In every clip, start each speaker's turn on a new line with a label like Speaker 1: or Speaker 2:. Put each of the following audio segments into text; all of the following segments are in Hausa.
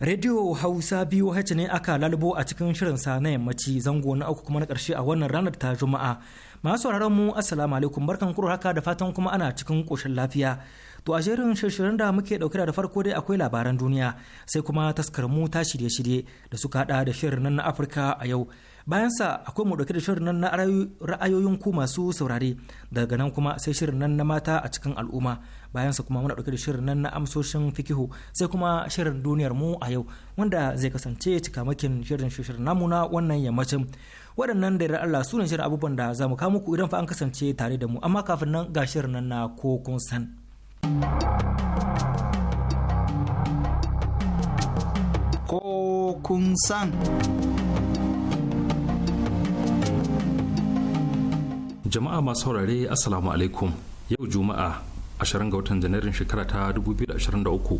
Speaker 1: Radio Hausa biyu hace ne aka lalubo a cikin shirin sa na yammaci zango na uku kuma na ƙarshe a wannan ranar ta Juma'a. Masu sauraron mu Assalamu alaikum barkan kuro haka da fatan kuma ana cikin koshin lafiya. To a jerin shirshirin da muke ɗauke da farko dai akwai labaran duniya sai kuma taskar mu ta shirye-shirye da suka haɗa da shirin nan na Afirka a yau. bayan sa akwai mu dauke da shirin nan na ra'ayoyin ku masu saurare daga nan kuma sai shirin nan na mata a cikin al'umma bayan sa kuma muna dauke da shirin nan na amsoshin fikihu sai kuma shirin duniyar mu a yau wanda zai kasance cikamakin shirin shirin namu na wannan yammacin waɗannan da Allah su ne shirin abubuwan da za mu kawo muku idan fa an kasance tare da mu amma kafin nan ga shirin nan na ko kun san
Speaker 2: ko kun san
Speaker 3: jama'a masu saurare assalamu alaikum yau juma'a 20 ga watan janairun shekara ta 2023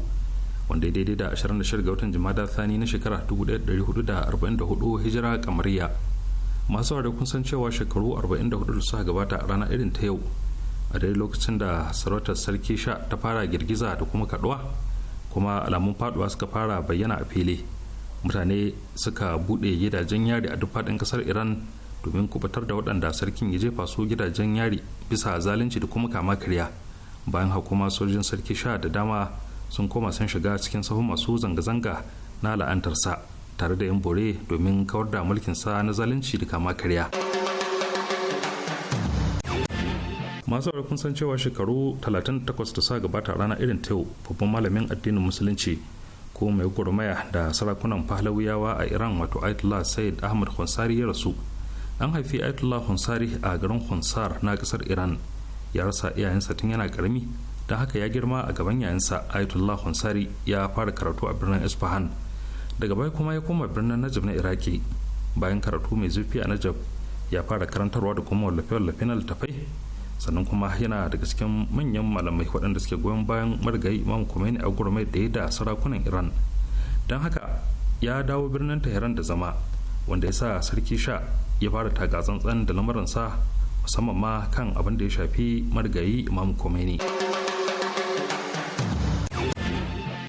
Speaker 3: wanda ya daidai da 26 ga watan jima'a thani na shekara 1444 hijira kamariya masu saurare kun san cewa shekaru 44 da suka gabata a rana irin ta yau a daidai lokacin da sarautar sarki sha ta fara girgiza da kuma kaduwa kuma alamun faduwa suka fara bayyana a fili mutane suka buɗe gidajen yari a duk faɗin ƙasar iran domin kubutar da waɗanda sarkin ya jefa su gidajen yari bisa zalunci da kuma kama karya bayan hukuma sojin sarki sha da dama sun koma sun shiga cikin sahun masu zanga-zanga na la'antarsa tare da yin bore domin kawar da mulkin sa na zalunci da kama karya masu kun san cewa shekaru 38 da sa gabata rana irin ta yau babban malamin addinin musulunci ko mai gurmaya da sarakunan fahlawiyawa a iran wato ayatollah said ahmad khonsari ya rasu an haifi ayatollah hunsari a garin hunsar na kasar iran ya rasa iyayensa tun yana karami don haka ya girma a gaban yayansa ayatollah hunsari ya fara karatu a birnin isfahan daga baya kuma ya koma birnin najib na iraki bayan karatu mai zurfi a najib ya fara karantarwa da kuma wallafe-wallafe na littafai sannan kuma yana daga cikin manyan malamai waɗanda suke goyon bayan marigayi imam ne a gurmai da ya da sarakunan iran don haka ya dawo birnin tehran da zama wanda ya sa sarki sha ya fara taka tsantsan da lamuransa musamman ma kan abin da ya shafi marigayi imam ne.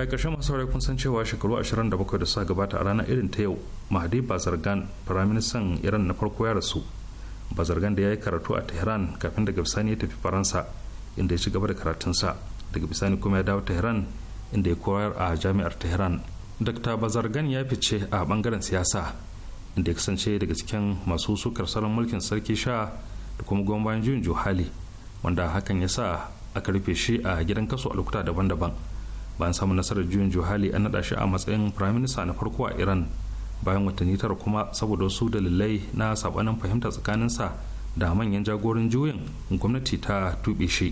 Speaker 3: a ƙarshen masu wari kun san cewa shekaru 27 da sa gabata a ranar irin ta yau mahdi bazargan firaministan iran na farko ya rasu bazargan da ya yi karatu a tehran kafin daga bisani ya tafi faransa inda ya ci gaba da karatunsa daga bisani kuma ya dawo tehran inda ya koyar a jami'ar tehran dr bazargan ya fice a bangaren siyasa inda ya kasance daga cikin masu sukar salon mulkin sarki sha da kuma bayan juyin juhali wanda hakan ya sa aka rufe shi a gidan kaso a lokuta daban-daban bayan samun nasarar juyin juhali an naɗa shi a matsayin firaminista na farko a iran bayan watanni tara kuma saboda wasu dalilai na sabanin fahimta tsakaninsa da manyan jagorin juyin gwamnati ta tuɓe shi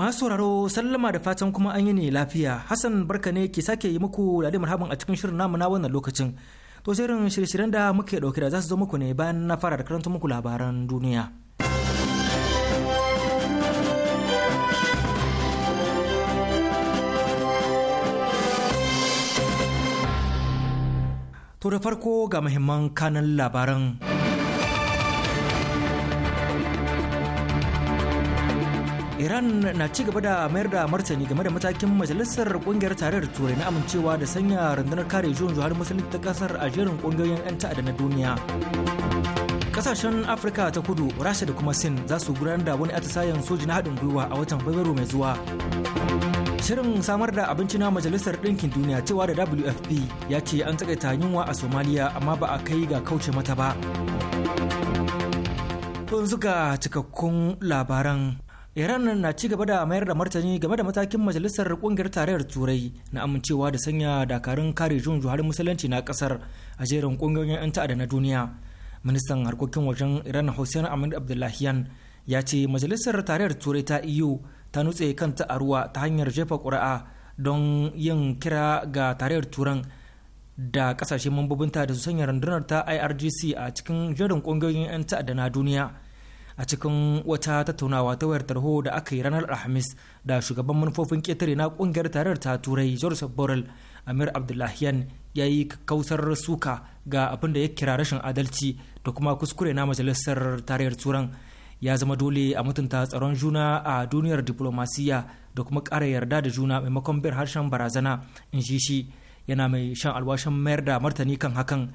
Speaker 1: Masu sauraro sallama da fatan kuma an yi ne lafiya. Hassan barka ne ke sake yi muku lade marhaban a cikin shirin namu na wannan lokacin. To shirin shirye-shiryen da muke dauke da za su zo muku ne bayan na fara da karanta muku labaran duniya. To da farko ga muhimman kanan labaran. iran na ci gaba da mayar da martani game da matakin majalisar kungiyar tarayyar turai na amincewa da sanya rundunar kare juyin juhar musulunci ta kasar a jerin kungiyoyin 'yan ta'adda na duniya kasashen afirka ta kudu rasha da kuma sin za su gudanar da wani atisayen soji na haɗin gwiwa a watan fabrairu mai zuwa shirin samar da abinci na majalisar ɗinkin duniya cewa da wfp ya ce an takaita yunwa a somaliya amma ba a kai ga kauce mata ba yanzu ga cikakkun labaran iran na ci gaba da mayar da martani game da matakin majalisar kungiyar tarayyar turai na amincewa da sanya dakarun kare jun juhar musulunci na kasar a jerin kungiyoyin 'yan ta'adda na duniya ministan harkokin wajen iran hussein amin abdullahiyan ya ce majalisar tarayyar turai ta iyo e ta nutse kanta a ruwa ta hanyar jefa ƙuri'a don yin kira ga tarayyar turan da kasashe mambobinta da su sanya rundunar ta irgc a cikin jerin kungiyoyin 'yan ta'adda na duniya a cikin wata tattaunawa ta wayar tarho da aka yi ranar alhamis da shugaban manufofin ketare na ƙungiyar tarayyar ta turai joseph borrell amir abdullahian ya yi kausar suka ga abin da ya kira rashin adalci da kuma kuskure na majalisar tarayyar turan ya zama dole a mutunta tsaron juna a duniyar diplomasiya da kuma ƙara yarda da juna maimakon bir harshen barazana in shi shi yana mai shan alwashin mayar da martani kan hakan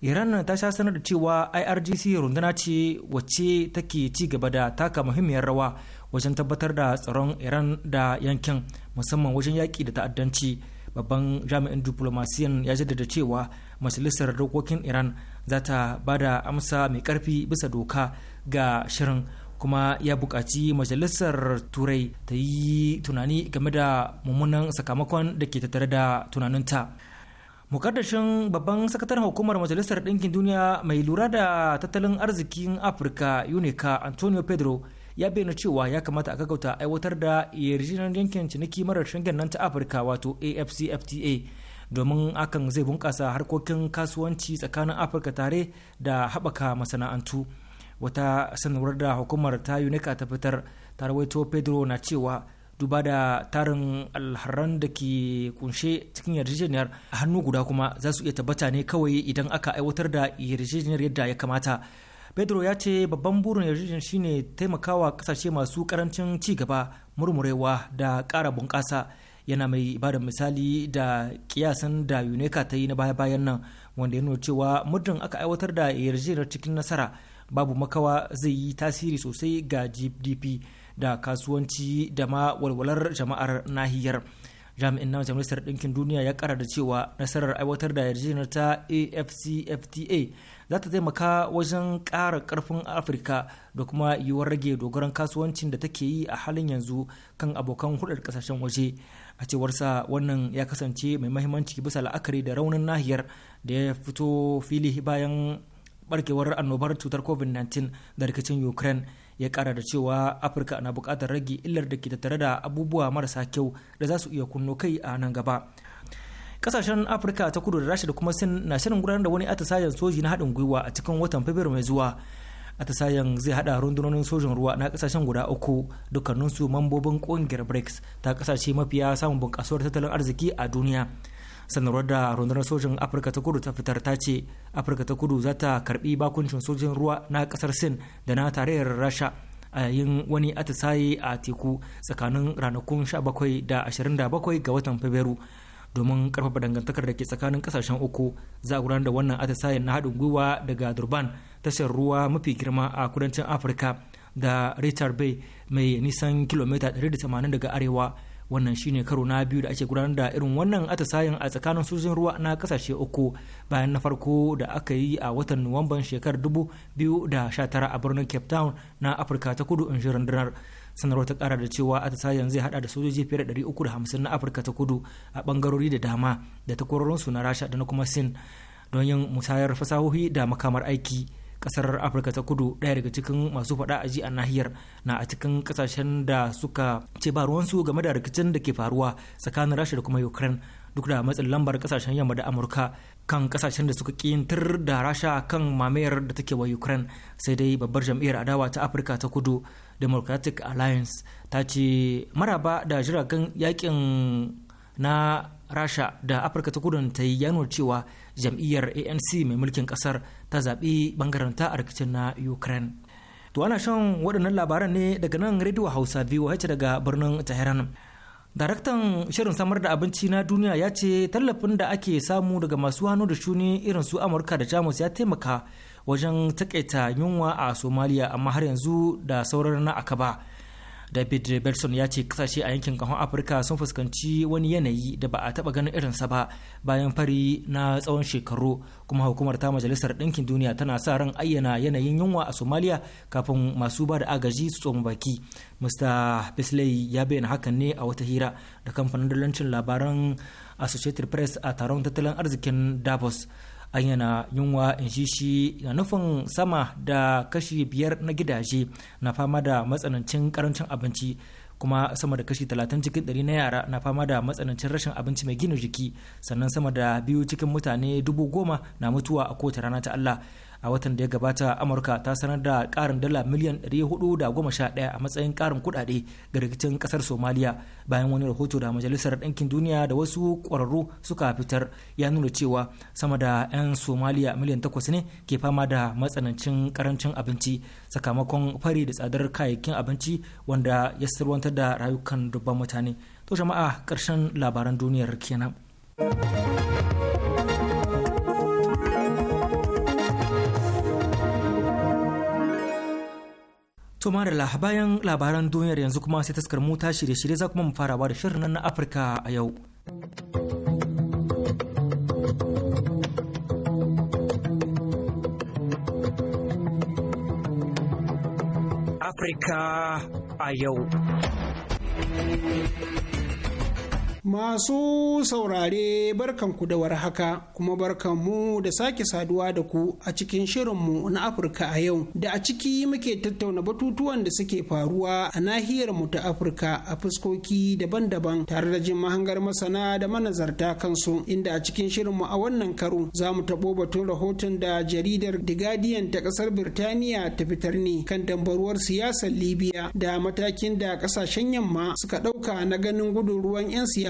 Speaker 1: iran ta sha sanar da cewa irgc runduna ce wacce take ci gaba da taka muhimmiyar rawa wajen tabbatar da tsaron iran da yankin musamman wajen yaƙi da ta'addanci babban jami'in diplomasiyan ya jaddada cewa majalisar dokokin iran za ta ba da amsa mai karfi bisa doka ga shirin kuma ya buƙaci majalisar turai ta yi tunani game da mummunan sakamakon da ke tattare da tunaninta mukaddashin babban sakataren hukumar majalisar ɗinkin duniya mai lura da tattalin arzikin afirka unica antonio pedro ya bayyana cewa ya kamata a gaggauta aiwatar da yarjejeniyar yankin ciniki marar shingen nan ta afirka wato afcfta domin hakan zai bunkasa harkokin kasuwanci tsakanin afirka tare da haɓaka masana'antu wata sanarwar da hukumar ta unica ta fitar tarwaito pedro na cewa duba da tarin alharan da ke kunshe cikin yarjejeniyar a hannu guda kuma za su iya tabbata ne kawai idan aka aiwatar da yarjejeniyar yadda ya kamata pedro ya ce babban burin yarjejeniyar shine taimakawa kasashe masu karancin ci gaba murmurewa da kara bunƙasa yana mai ba da misali da kiyasan da uneka ta yi na baya-bayan nan wanda ya nuna cewa muddin aka aiwatar da yarjejeniyar cikin nasara babu makawa zai yi tasiri sosai ga gdp da kasuwanci da ma walwalar jama'ar nahiyar jami'in na majalisar ɗinkin duniya ya kara da cewa nasarar aiwatar da yarjejeniyar ta afcfta za ta taimaka wajen ƙara ƙarfin afirka da kuma yiwuwar rage dogaran kasuwancin da take yi a halin yanzu kan abokan hulɗar ƙasashen waje a cewarsa wannan ya kasance mai mahimmanci bisa la'akari da raunin nahiyar da ya fito fili bayan barkewar annobar cutar covid-19 da rikicin ukraine ya kara da cewa afirka na bukatar rage illar da ke tattare da abubuwa marasa kyau da za su iya kunno kai a nan gaba kasashen afirka ta kudu da rasha da kuma sin na shirin gudanar da wani atisayen soji na haɗin gwiwa a cikin watan fabrairu mai zuwa atisayen zai hada rundunonin sojin ruwa na kasashen guda uku dukkaninsu mambobin kungiyar brics ta kasashe mafiya samun bunkasuwar tattalin arziki a duniya sanarwar da rundunar sojin afirka ta kudu ta fitar ta ce afirka ta kudu za ta karbi bakuncin sojin ruwa na kasar sin da na tarayyar rasha a yayin wani atisaye a teku tsakanin ranakun 17 da 27 ga watan fabrairu domin karfafa dangantakar da ke tsakanin kasashen uku za a gudanar da wannan atisaye na haɗin gwiwa daga durban tashar ruwa mafi girma a kudancin afirka da richard bay mai nisan kilomita 180 daga arewa wannan shine karo na biyu da ake gudanar da irin wannan atisayen a tsakanin sojojin ruwa na kasashe uku bayan na farko da aka yi a watan nuwamban shekarar 2019 a birnin cape town na afirka ta kudu in rundunar sanarwar ta kara da cewa atisayen zai hada da sojoji fiye da 350 na afirka ta kudu a bangarori da dama da takwarorinsu na rasha da na kuma sin don yin musayar fasahohi da makamar aiki kasar afirka ta kudu daya daga cikin masu fada a a nahiyar na a cikin kasashen da suka ce ba ruwansu game da rikicin da ke faruwa tsakanin rasha da kuma ukraine duk da matsin lambar kasashen yamma da amurka kan kasashen da suka kintar da rasha kan mamayar da take wa ukraine sai dai babbar jam'iyyar adawa ta afirka ta kudu democratic alliance ta ce maraba da jiragen yakin na rasha da afirka ta kudu ta yi cewa jam'iyyar anc mai mulkin kasar ta zaɓi bangaren ta a rikicin na ukraine to ana shan waɗannan labaran ne daga nan rediyo hausa voh daga birnin tehran daraktan shirin samar da abinci na duniya ya ce tallafin da ake samu daga masu hannu da shuni irin su amurka da jamus ya taimaka wajen taƙaita yunwa a somalia amma har yanzu da sauran na akaba david belson ya ce kasashe a yankin kahon afirka sun fuskanci wani yanayi da ba a taba ganin irinsa ba bayan fari na tsawon shekaru kuma hukumar ta majalisar ɗinkin duniya tana sa ran ayyana yanayin yunwa a somalia kafin masu ba da agaji su tsoma baki mr bisley ya bayyana hakan ne a wata hira da kamfanin dalancin labaran associated press a taron tattalin arzikin davos an yana yunwa in shi shi na nufin sama da kashi biyar na gidaje na fama da matsanancin karancin abinci kuma sama da kashi 30 cikin 100 na yara na fama da matsanancin rashin abinci mai gina jiki sannan sama da biyu cikin mutane dubu goma na mutuwa a kowace rana ta Allah a watan da ya gabata amurka ta sanar da karin dala miliyan 411 a matsayin karin kudade ga rikicin kasar somaliya bayan wani rahoto da majalisar ɗinkin duniya da wasu ƙwararru suka fitar ya nuna cewa sama da 'yan somaliya miliyan 8 ne ke fama da matsanancin karancin abinci sakamakon fari da tsadar kayayyakin abinci wanda ya sirwantar da rayukan dubban mutane to jama'a ƙarshen labaran duniyar kenan. To Marila bayan labaran duniyar yanzu kuma sai taskar mu ta shirye-shirye za kuma mu fara da shirin na Afirka a yau.
Speaker 4: Afirka
Speaker 5: a yau. Masu saurare barkanku da war haka kuma mu da sake saduwa da ku a cikin shirinmu na Afirka a yau da a ciki muke tattauna batutuwan da suke faruwa a nahiyar mu ta Afirka a fuskoki daban-daban tare da jin mahangar masana da manazarta kansu inda a cikin shirin mu a wannan karo za mu taɓo batun rahoton da jaridar The Guardian ta ƙasar Birtaniya ta fitar ne kan dambaruwar siyasar Libya da matakin da ƙasashen yamma suka ɗauka na ganin gudun ruwan 'yan siyasa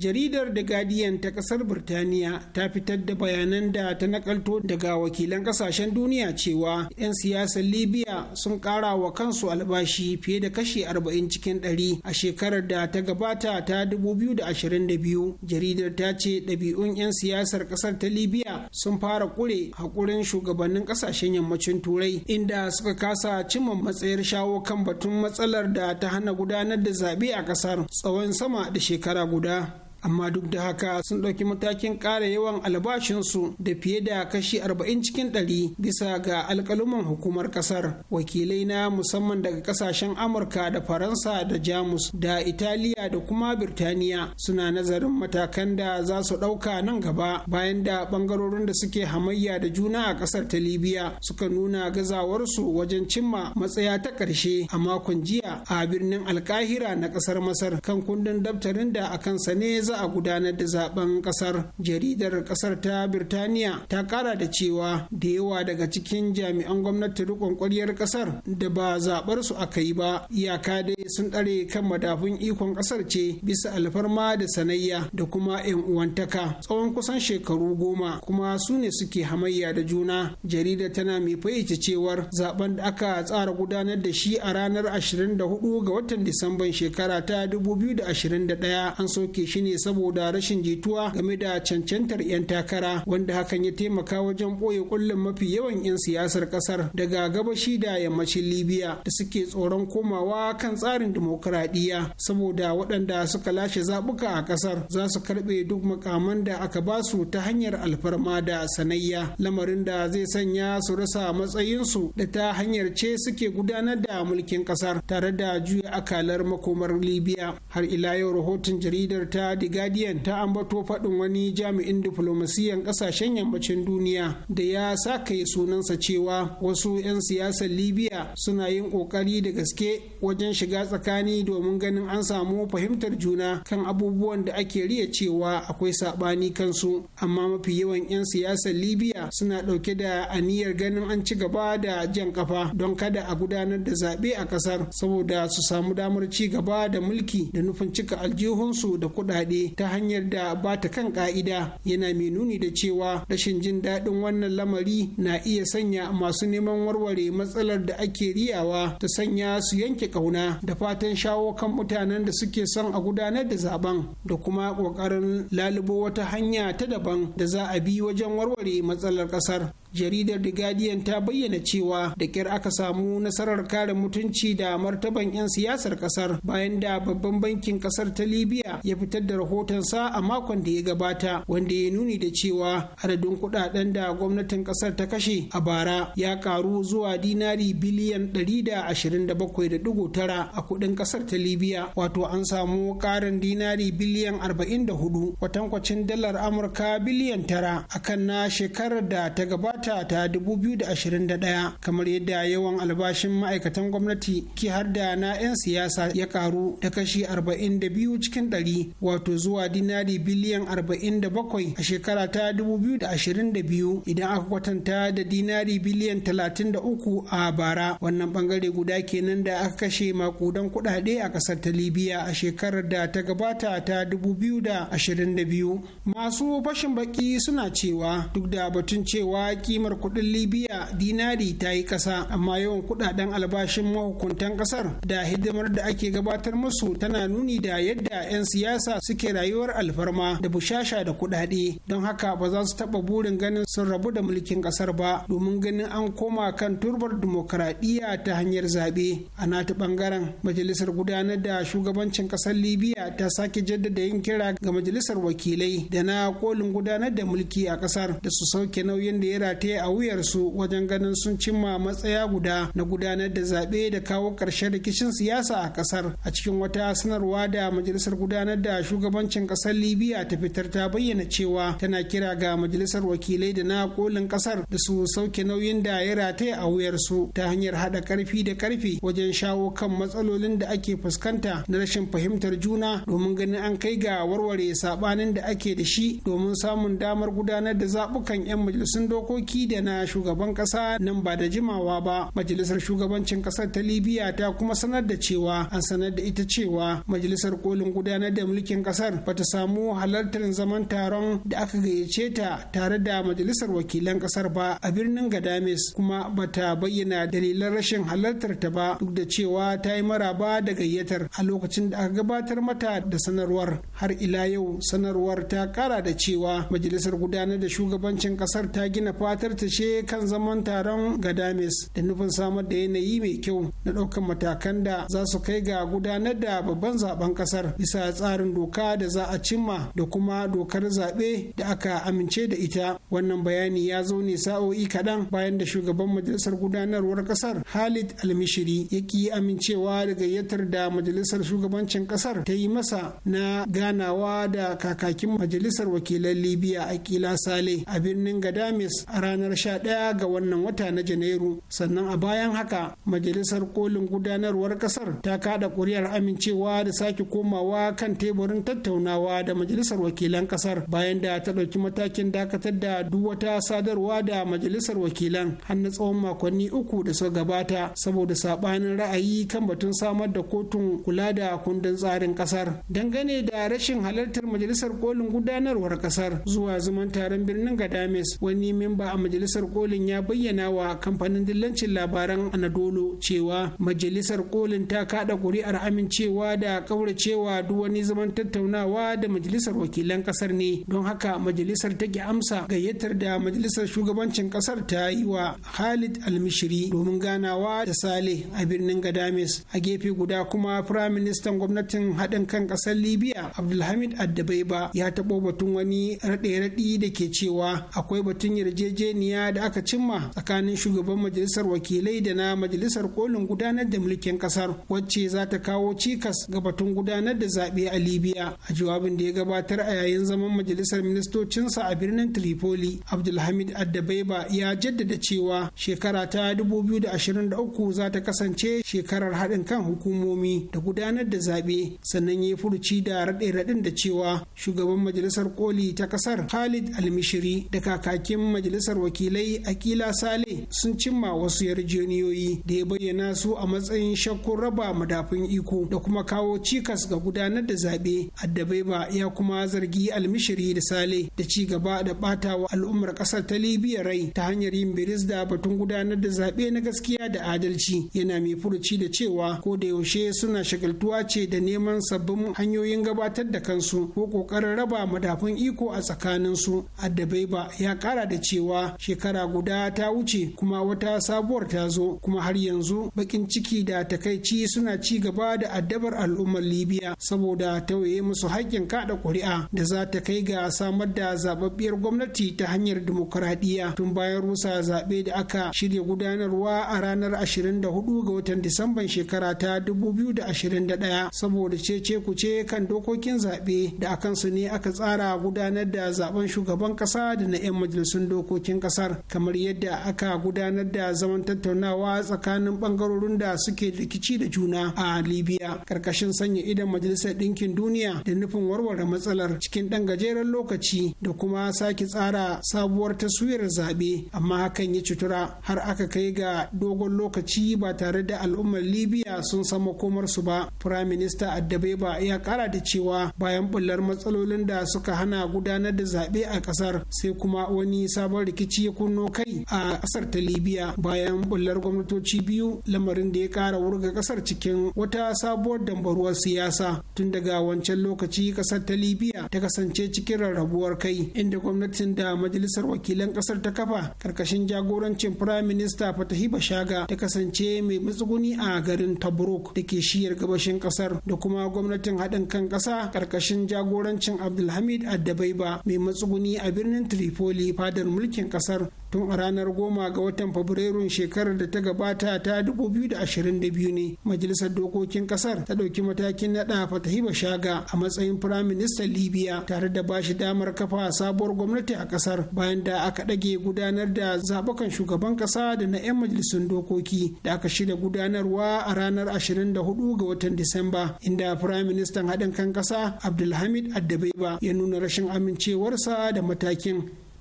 Speaker 5: jaridar da Guardian ta kasar Birtaniya ta fitar da bayanan da ta nakalto daga wakilan kasashen duniya cewa 'yan siyasar Libya sun kara wa kansu albashi fiye da kashi 40 cikin 100 a shekarar da ta gabata ta 2022. Jaridar ta ce ɗabi'un 'yan siyasar kasar ta Libya sun fara kure haƙurin shugabannin kasashen yammacin Turai inda suka kasa cimma matsayar shawo kan batun matsalar da ta hana gudanar da zaɓe a ƙasar tsawon sama da shekara guda. amma duk da haka sun ɗauki matakin ƙara yawan albashinsu da fiye da kashi 40 cikin 100 bisa ga alƙaluman hukumar ƙasar wakilai na musamman daga ƙasashen amurka da faransa da jamus da italiya da kuma birtaniya suna nazarin matakan da za su ɗauka nan gaba bayan da ɓangarorin da suke hamayya da juna a ƙasar ta libya suka nuna gazawarsu wajen cimma matsaya ta ƙarshe a makon jiya a birnin alkahira na ƙasar masar kan kundin daftarin da a kansa ne za a gudanar da zaben kasar jaridar kasar ta birtaniya ta kara da cewa da yawa daga cikin jami'an gwamnati rikon kwaryar kasar da ba zaɓarsu su aka yi ba iyaka dai sun ɗare kan madafun ikon kasar ce bisa alfarma da sanayya da kuma 'yan uwantaka tsawon kusan shekaru goma kuma su ne suke hamayya da juna jarida tana mai fayyace cewar zaben da aka tsara gudanar da shi a ranar 24 ga watan disamban shekara ta 2021 an soke shi ne saboda rashin jituwa game da cancantar 'yan takara wanda hakan ya taimaka wajen ɓoye kullum mafi yawan 'yan siyasar ƙasar daga gabashi da yammacin libya da suke tsoron komawa kan tsarin dimokuraɗiyya saboda waɗanda suka lashe zaɓuka a ƙasar za su karɓe duk makaman da aka ba su ta hanyar alfarma da sanayya lamarin da zai sanya su rasa matsayinsu da ta hanyar ce suke gudanar da mulkin ƙasar tare da juya akalar makomar libya har ila yau rahoton jaridar ta guardian ta ambato faɗin wani jami'in diflomasiyan ƙasashen yammacin duniya da ya sa kai sunansa cewa wasu 'yan siyasar libya suna yin ƙoƙari da gaske wajen shiga tsakani domin ganin an samu fahimtar juna kan abubuwan da ake riya cewa akwai saɓani kansu amma mafi yawan 'yan siyasar libya suna ɗauke da aniyar ganin an ci gaba da jan kafa don kada a gudanar da zaɓe a ƙasar saboda su samu damar ci gaba da mulki da nufin cika aljihunsu da kuɗaɗe ta hanyar da ba ta kan ƙa'ida yana mai nuni da cewa rashin jin daɗin wannan lamari na iya sanya masu neman warware matsalar da ake riyawa ta sanya su yanke ƙauna da fatan shawo kan mutanen da suke son a gudanar da zaben da kuma ƙoƙarin lalubo wata hanya ta daban da za a bi wajen warware matsalar ƙasar jaridar the guardian ta bayyana cewa da kyar aka samu nasarar kare mutunci da martaban 'yan siyasar ƙasar bayan da babban bankin ƙasar ta libya ya fitar da rahotonsa a makon da ya gabata wanda ya nuni da cewa adadin kuɗaɗen da gwamnatin ƙasar ta kashe a bara ya ƙaru zuwa dinari biliyan 127.9 a kuɗin ƙasar ta libya wato an samu karin dinari biliyan 44 kwatankwacin dalar amurka biliyan 9 kan na shekarar da ta gabata wata ta 2021 kamar yadda yawan albashin ma'aikatan gwamnati ke har da na 'yan siyasa ya karu da kashi 42 cikin 100 wato zuwa dinari biliyan 47 a shekara ta 2022 idan aka kwatanta da dinari biliyan 33 a bara wannan bangare guda kenan da aka kashe makudan kudade a kasar ta libya a shekarar da ta gabata ta 2022 masu fashin baki suna cewa duk da batun cewa kimar kudin libya dinari ta yi kasa amma yawan kudaden albashin mahukuntan kasar da hidimar da ake gabatar musu tana nuni da yadda 'yan siyasa suke rayuwar alfarma da bushasha da kudade don haka ba za su taɓa burin ganin sun rabu da mulkin kasar ba domin ganin an koma kan turbar dimokuraɗiyya ta hanyar zaɓe a nata ɓangaren majalisar gudanar da shugabancin kasar libya ta sake jaddada yin kira ga majalisar wakilai da na kolin gudanar da mulki a kasar da su sauke nauyin da ya yi a wuyarsu wajen ganin sun cimma matsaya guda na gudanar da zaɓe da kawo ƙarshen rikicin siyasa a ƙasar a cikin wata sanarwa da majalisar gudanar da shugabancin ƙasar libiya ta fitar ta bayyana cewa tana kira ga majalisar wakilai da na kolin ƙasar da su sauke nauyin da ya rataye a wuyarsu ta hanyar haɗa ƙarfi da ƙarfi wajen shawo kan matsalolin da ake fuskanta na rashin fahimtar juna domin ganin an kai ga warware saɓanin da ake da shi domin samun damar gudanar da zaɓukan 'yan majalisun dokoki aiki da na shugaban kasa nan ba da jimawa ba majalisar shugabancin kasar ta libya ta kuma sanar da cewa an sanar da ita cewa majalisar kolin gudanar da mulkin kasar bata samu halartar zaman taron da aka gayyace ta tare da majalisar wakilan kasar ba a birnin gadames kuma bata bayyana dalilan rashin halartar ta ba duk da cewa ta yi maraba da gayyatar a lokacin da aka gabatar mata da sanarwar har ila yau sanarwar ta kara da cewa majalisar gudanar da shugabancin kasar ta gina fata buƙatar ta kan zaman taron gadames da nufin samar da yanayi mai kyau na ɗaukar matakan da za su kai ga gudanar da babban zaben ƙasar bisa tsarin doka da za a cimma da kuma dokar zaɓe da aka amince da ita wannan bayani ya zo ne sa'o'i kaɗan bayan da shugaban majalisar gudanarwar ƙasar halit Almishiri ya ki amincewa da gayyatar da majalisar shugabancin ƙasar ta yi masa na ganawa da kakakin majalisar wakilan Libya kila Sale a birnin Gadames a ranar 11 ga wannan wata na janairu sannan a bayan haka majalisar kolin gudanarwar kasar ta kada kuri'ar amincewa da sake komawa kan teburin tattaunawa da majalisar wakilan kasar bayan da ta ɗauki matakin dakatar da duk wata sadarwa da majalisar wakilan har na tsawon makonni uku da suka gabata saboda saɓanin ra'ayi kan batun samar da kotun kula da kundin tsarin kasar dangane da rashin halartar majalisar kolin gudanarwar kasar zuwa zaman taron birnin gadames wani memba a majalisar kolin ya bayyana wa kamfanin dillancin labaran anadolu cewa majalisar kolin ta kada kuri'ar amincewa da kauracewa duk wani zaman tattaunawa da majalisar wakilan kasar ne don haka majalisar ta ki amsa gayyatar da majalisar shugabancin kasar ta yi wa khalid almishiri domin ganawa da saleh a birnin gadames a gefe guda kuma firaministan gwamnatin haɗin kan ƙasar libya abdulhamid addabaiba ya taɓo batun wani raɗe-raɗi da ke cewa akwai batun yarjejeniya yarjejeniya da aka cimma tsakanin shugaban majalisar wakilai da na majalisar kolin gudanar da mulkin kasar wacce za ta kawo cikas ga batun gudanar da zaɓe a libya a jawabin da ya gabatar a yayin zaman majalisar ministocinsa a birnin tripoli abdulhamid addabaiba ya jaddada cewa shekara ta 2023 za ta kasance shekarar haɗin kan hukumomi da gudanar da zaɓe sannan ya furuci da raɗe-raɗin da cewa shugaban majalisar koli ta kasar khalid almishiri da kakakin majalisar majalisar wakilai akila sale sun cimma wasu yarjejeniyoyi da ya bayyana su a matsayin shakkun raba madafun iko da kuma kawo cikas ga gudanar da zaɓe addabaiba ya kuma zargi almishiri da sale da ci gaba da wa al'ummar ƙasar ta libya rai ta hanyar yin biris da batun gudanar da zaɓe na gaskiya da adalci yana mai furuci da cewa ko da yaushe suna shagaltuwa ce da neman sabbin hanyoyin gabatar da kansu ko ƙoƙarin raba madafun iko a tsakaninsu addabaiba ya ƙara da cewa shekara guda ta wuce kuma wata sabuwar ta zo kuma har yanzu bakin ciki da takaici suna ci gaba da addabar al'ummar libiya. saboda tauye musu haƙƙin kaɗa ƙuri'a da za ta kai ga samar da zababbiyar gwamnati ta hanyar dimokuraɗiyya tun bayan rusa zaɓe da aka shirya gudanarwa a ranar 24 ga watan disamban shekara ta 2021 saboda cece ce kan dokokin zaɓe da su ne aka tsara gudanar da zaben shugaban ƙasa da na 'yan majalisun dokokin dokokin kasar kamar yadda aka gudanar da zaman tattaunawa tsakanin bangarorin da suke rikici da juna a libya karkashin sanya idan majalisar ɗinkin duniya da nufin warware matsalar cikin ɗan gajeren lokaci da kuma sake tsara sabuwar taswirar zaɓe amma hakan ya cutura har aka kai ga dogon lokaci ba tare da al'ummar libya sun san makomarsu ba firayim minista addabeba ya kara da cewa bayan bullar matsalolin da suka hana gudanar da zaɓe a ƙasar sai kuma wani sabon rikici rikici ya kunno kai a kasar ta libya bayan bullar gwamnatoci biyu lamarin da ya kara wurga kasar cikin wata sabuwar dambaruwar siyasa tun daga wancan lokaci kasar ta libya ta kasance cikin rarrabuwar kai inda gwamnatin da majalisar wakilan kasar ta kafa karkashin jagorancin prime minister fatahi bashaga ta kasance mai matsuguni a garin tabrok da ke shiyar gabashin kasar da kuma gwamnatin haɗin kan ƙasa karkashin jagorancin abdulhamid addabaiba mai matsuguni a birnin tripoli fadar mulkin kasar tun a ranar goma ga watan fabrairun shekarar da ta gabata ta 2022 ne majalisar dokokin kasar ta ɗauki matakin naɗa fatahiba shaga a matsayin firaministan libya tare da ba shi damar kafa sabuwar gwamnati a kasar bayan da aka ɗage gudanar da zabukan shugaban kasa da na 'yan majalisun dokoki da aka shirya gudanarwa a ranar 24 ga watan disamba inda firaministan haɗin kan kasa abdulhamid addabeba ya nuna rashin amincewarsa da matakin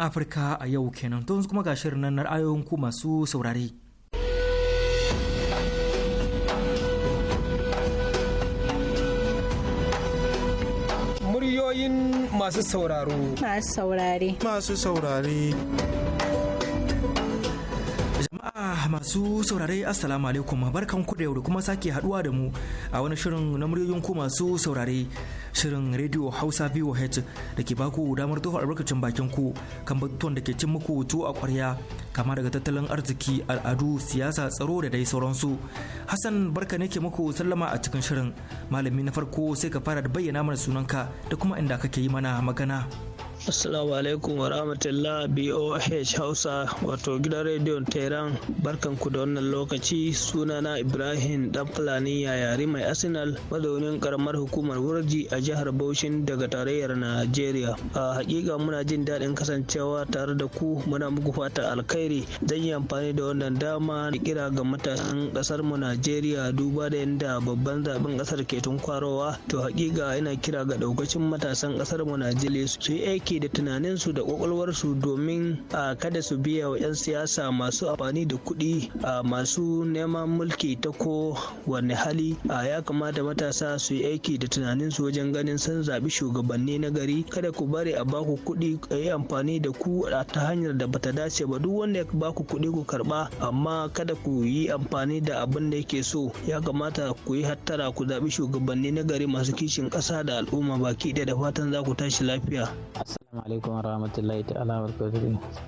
Speaker 1: Afirka a yau kenan to kuma ga shirin nan ra'ayoyin ku masu saurare.
Speaker 5: Muryoyin masu sauraro.
Speaker 6: Masu saurare. Masu
Speaker 5: saurare. Jama'a
Speaker 6: masu
Speaker 1: saurare Assalamu alaikum barkan ku da yau da kuma sake haduwa da mu a wani shirin na muryoyin ku masu saurare shirin Radio Hausa VOH da ke baku damar tofa albarkacin bakin ku kan batutuwan da ke cin muku tuwo a kwarya kama daga tattalin arziki al'adu siyasa tsaro da dai sauransu. Hassan barka ne ke muku sallama a cikin shirin malami na farko sai ka fara da bayyana mana sunanka da kuma inda kake yi mana magana.
Speaker 4: Assalamu alaikum wa rahmatullah BOH Hausa wato gidan rediyon Tehran ku da wannan lokaci sunana Ibrahim dan Fulani yayari mai Arsenal mazaunin karamar hukumar Wurji a jihar Baushin daga tarayyar Najeriya. A hakika muna jin daɗin kasancewa tare da ku muna muku fata alkhairi zan yi amfani da wannan dama da kira ga matasan kasar mu Najeriya duba da yadda babban zaben kasar ke tunkwarowa to hakika ina kira ga daukacin matasan kasar mu Najeriya su yi Ake da tunaninsu da kwakwalwarsu domin a kada su biya wa 'yan siyasa masu amfani da kuɗi a masu neman mulki ta ko wani hali ya kamata matasa su yi aiki da tunaninsu wajen ganin sun zaɓi shugabanni na gari kada ku bari a baku kuɗi a yi amfani da ku ta hanyar da bata dace ba duk wanda ya baku kuɗi ku karɓa amma kada ku yi amfani da abin da yake so ya kamata ku yi hattara ku zaɓi shugabanni na gari masu kishin ƙasa da al'umma baki ɗaya da fatan za ku tashi lafiya.
Speaker 7: Assalamu alaikum wa rahmatullahi ta'ala wa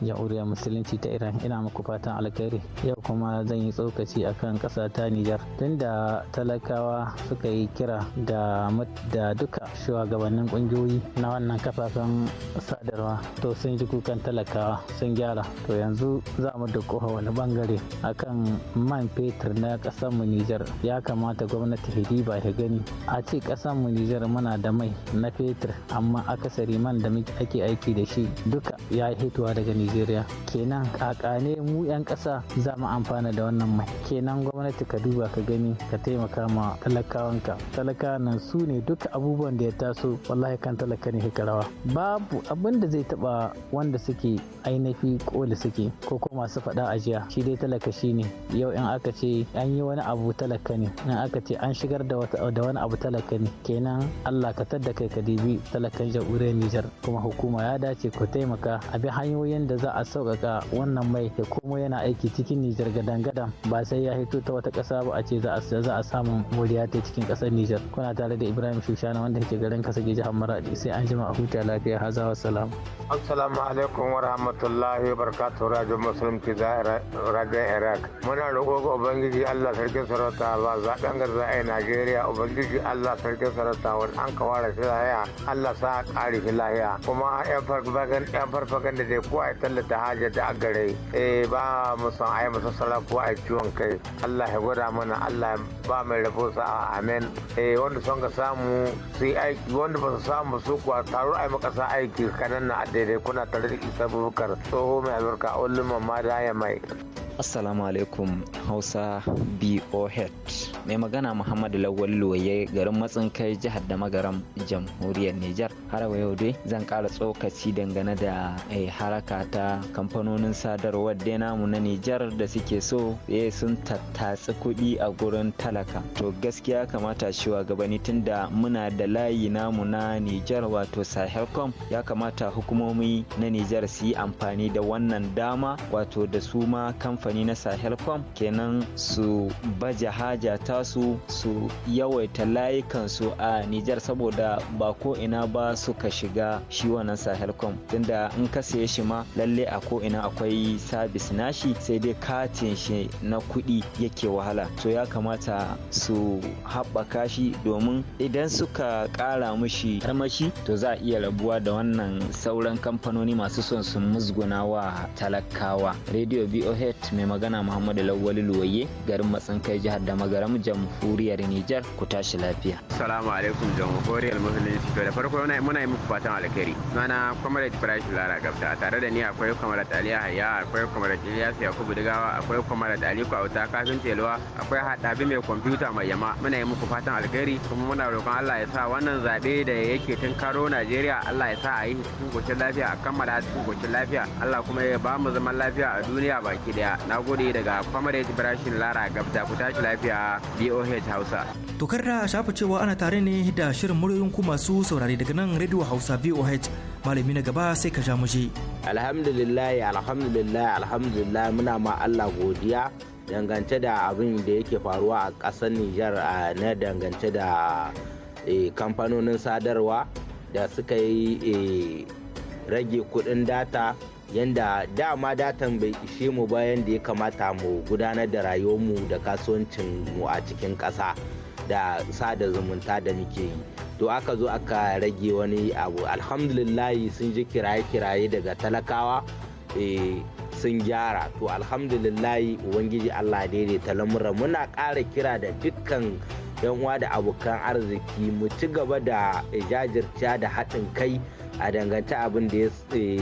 Speaker 7: jamhuriyar musulunci ta Iran ina muku fatan alkhairi yau kuma zan yi tsokaci akan kasa ta Nijar tunda talakawa suka yi kira da da duka shugabannin kungiyoyi na wannan kafafen sadarwa to sun ji kukan talakawa sun gyara to yanzu za mu da wani bangare akan man fetur na ƙasar mu Nijar ya kamata gwamnati hidiba ta gani a ce ƙasar mu Nijar muna da mai na fetur amma akasari man da muke ake aiki da shi duka ya hitowa daga nigeria kenan kakane mu 'yan kasa za mu amfana da wannan mai kenan gwamnati ka duba ka gani ka taimaka ma talakawanka talaka nan su ne duka abubuwan da ya taso wallahi kan talaka ne rawa babu abin da zai taba wanda suke ainihi koli suke ko ko masu faɗa ajiya shi dai talaka shi ne yau in aka ce an yi wani abu talaka ne in aka ce an shigar da wani abu talaka ne kenan allah ka tadda kai ka dibi talakan jam'uriyar nijar kuma hukumar hukuma ya dace ku taimaka a bi hanyoyin da za a sauƙaƙa wannan mai ya komo yana aiki cikin Nijar gadan-gadan ba sai ya hito ta wata ƙasa ba a ce za a samu moriya ta cikin ƙasar Nijar. Kuna tare da Ibrahim Shushana wanda ke garin Kasage jihar Maradi sai an jima a huta lafiya haza wa salam.
Speaker 8: Assalamu alaikum wa rahmatullahi wa barakatuhu Radio Muslim ki Radio Iraq. Muna roƙo ga Ubangiji Allah sarki sarauta ba zaɓen garza a Najeriya Ubangiji Allah sarki sarauta wani an kawara shi lahiya Allah sa ƙari shi lahiya kuma kuma yan farfagan da dai ko a tallata haja da agare eh ba mu san ai mu sala ko a ciwon kai Allah ya gwada mana Allah ba mai rabo sa amen eh wanda son ka samu su aiki wanda ba su samu su kuwa taro ai makasa aiki kanan na daidai kuna tare da isa bukar tsoho mai albarka ulun mamma da ya mai
Speaker 9: Assalamu alaikum Hausa BOH Mai magana Muhammadu Lawal Loye garin matsin kai jihar da magaram jamhuriyar Nijar. Har yau dai zan ƙara tsokaci dangane da eh, haraka ta kamfanonin sadarwar dai namu na Nijar da suke so ya eh, sun tattatsi kuɗi a gurin talaka. To gaskiya kamata shugabanni tunda muna da layi namu na Nijar wato Sahelcom ya kamata hukumomi na Nijar su yi amfani da wannan dama wato da su ma kamfani na Sahelcom kenan su baje haja tasu su yawaita layukansu a Nijar saboda ba ko ina ba suka shiga shi wannan nan sahelcom tunda in ka saye shi ma lalle a ko ina akwai sabis nashi sai dai katin shi na kuɗi yake wahala to ya kamata su haɓaka shi domin idan suka ƙara mishi armashi to za a iya rabuwa da wannan sauran kamfanoni masu son su musguna wa talakawa radio boh mai magana muhammadu lawali luwaye garin matsan kai jihar da magaram jamhuriyar nijar ku tashi lafiya
Speaker 8: salamu alaikum jamhuriyar musulunci to da farko muna yi muku fatan alkhairi sunana Comrade Ibrahim Lara Gabta
Speaker 2: tare da ni akwai Comrade Ali hayya akwai Comrade Ilyas Yakubu Digawa akwai Comrade Aliko Auta Kafin Teluwa akwai Hadabi mai kwamfuta mai yama muna yi muku fatan alheri kuma muna roƙon Allah ya sa wannan zaɓe da yake tun karo Najeriya Allah ya sa a yi cikin gocin lafiya a kammala cikin gocin lafiya Allah kuma ya ba mu zaman lafiya a duniya baki daya gode daga Comrade Ibrahim Lara Gabta ku tashi lafiya BOH Hausa
Speaker 1: to da shafa cewa ana tare ne da shirin
Speaker 2: muryoyin ku masu saurari daga nan Radio Hausa boh malami na gaba sai ka ja muje alhamdulillah alhamdulillah alhamdulillah muna ma Allah godiya dangance da abin da yake faruwa a ƙasar Nijar na dangance da e, kamfanonin sadarwa da suka yi e, rage kuɗin data yanda dama datan bai ishe mu bayan da ya kamata mu gudanar da rayuwarmu da kasuwancin mu a cikin ƙasa. da sada zumunta da muke yi to aka zo aka rage wani abu alhamdulillahi sun ji kiraye-kiraye daga talakawa eh, sun gyara to alhamdulillahi ubangiji allah daidaita lamura muna ƙara kira da dukkan yan uwa da abokan arziki mu ci gaba da jajirta da haɗin kai a danganta abin da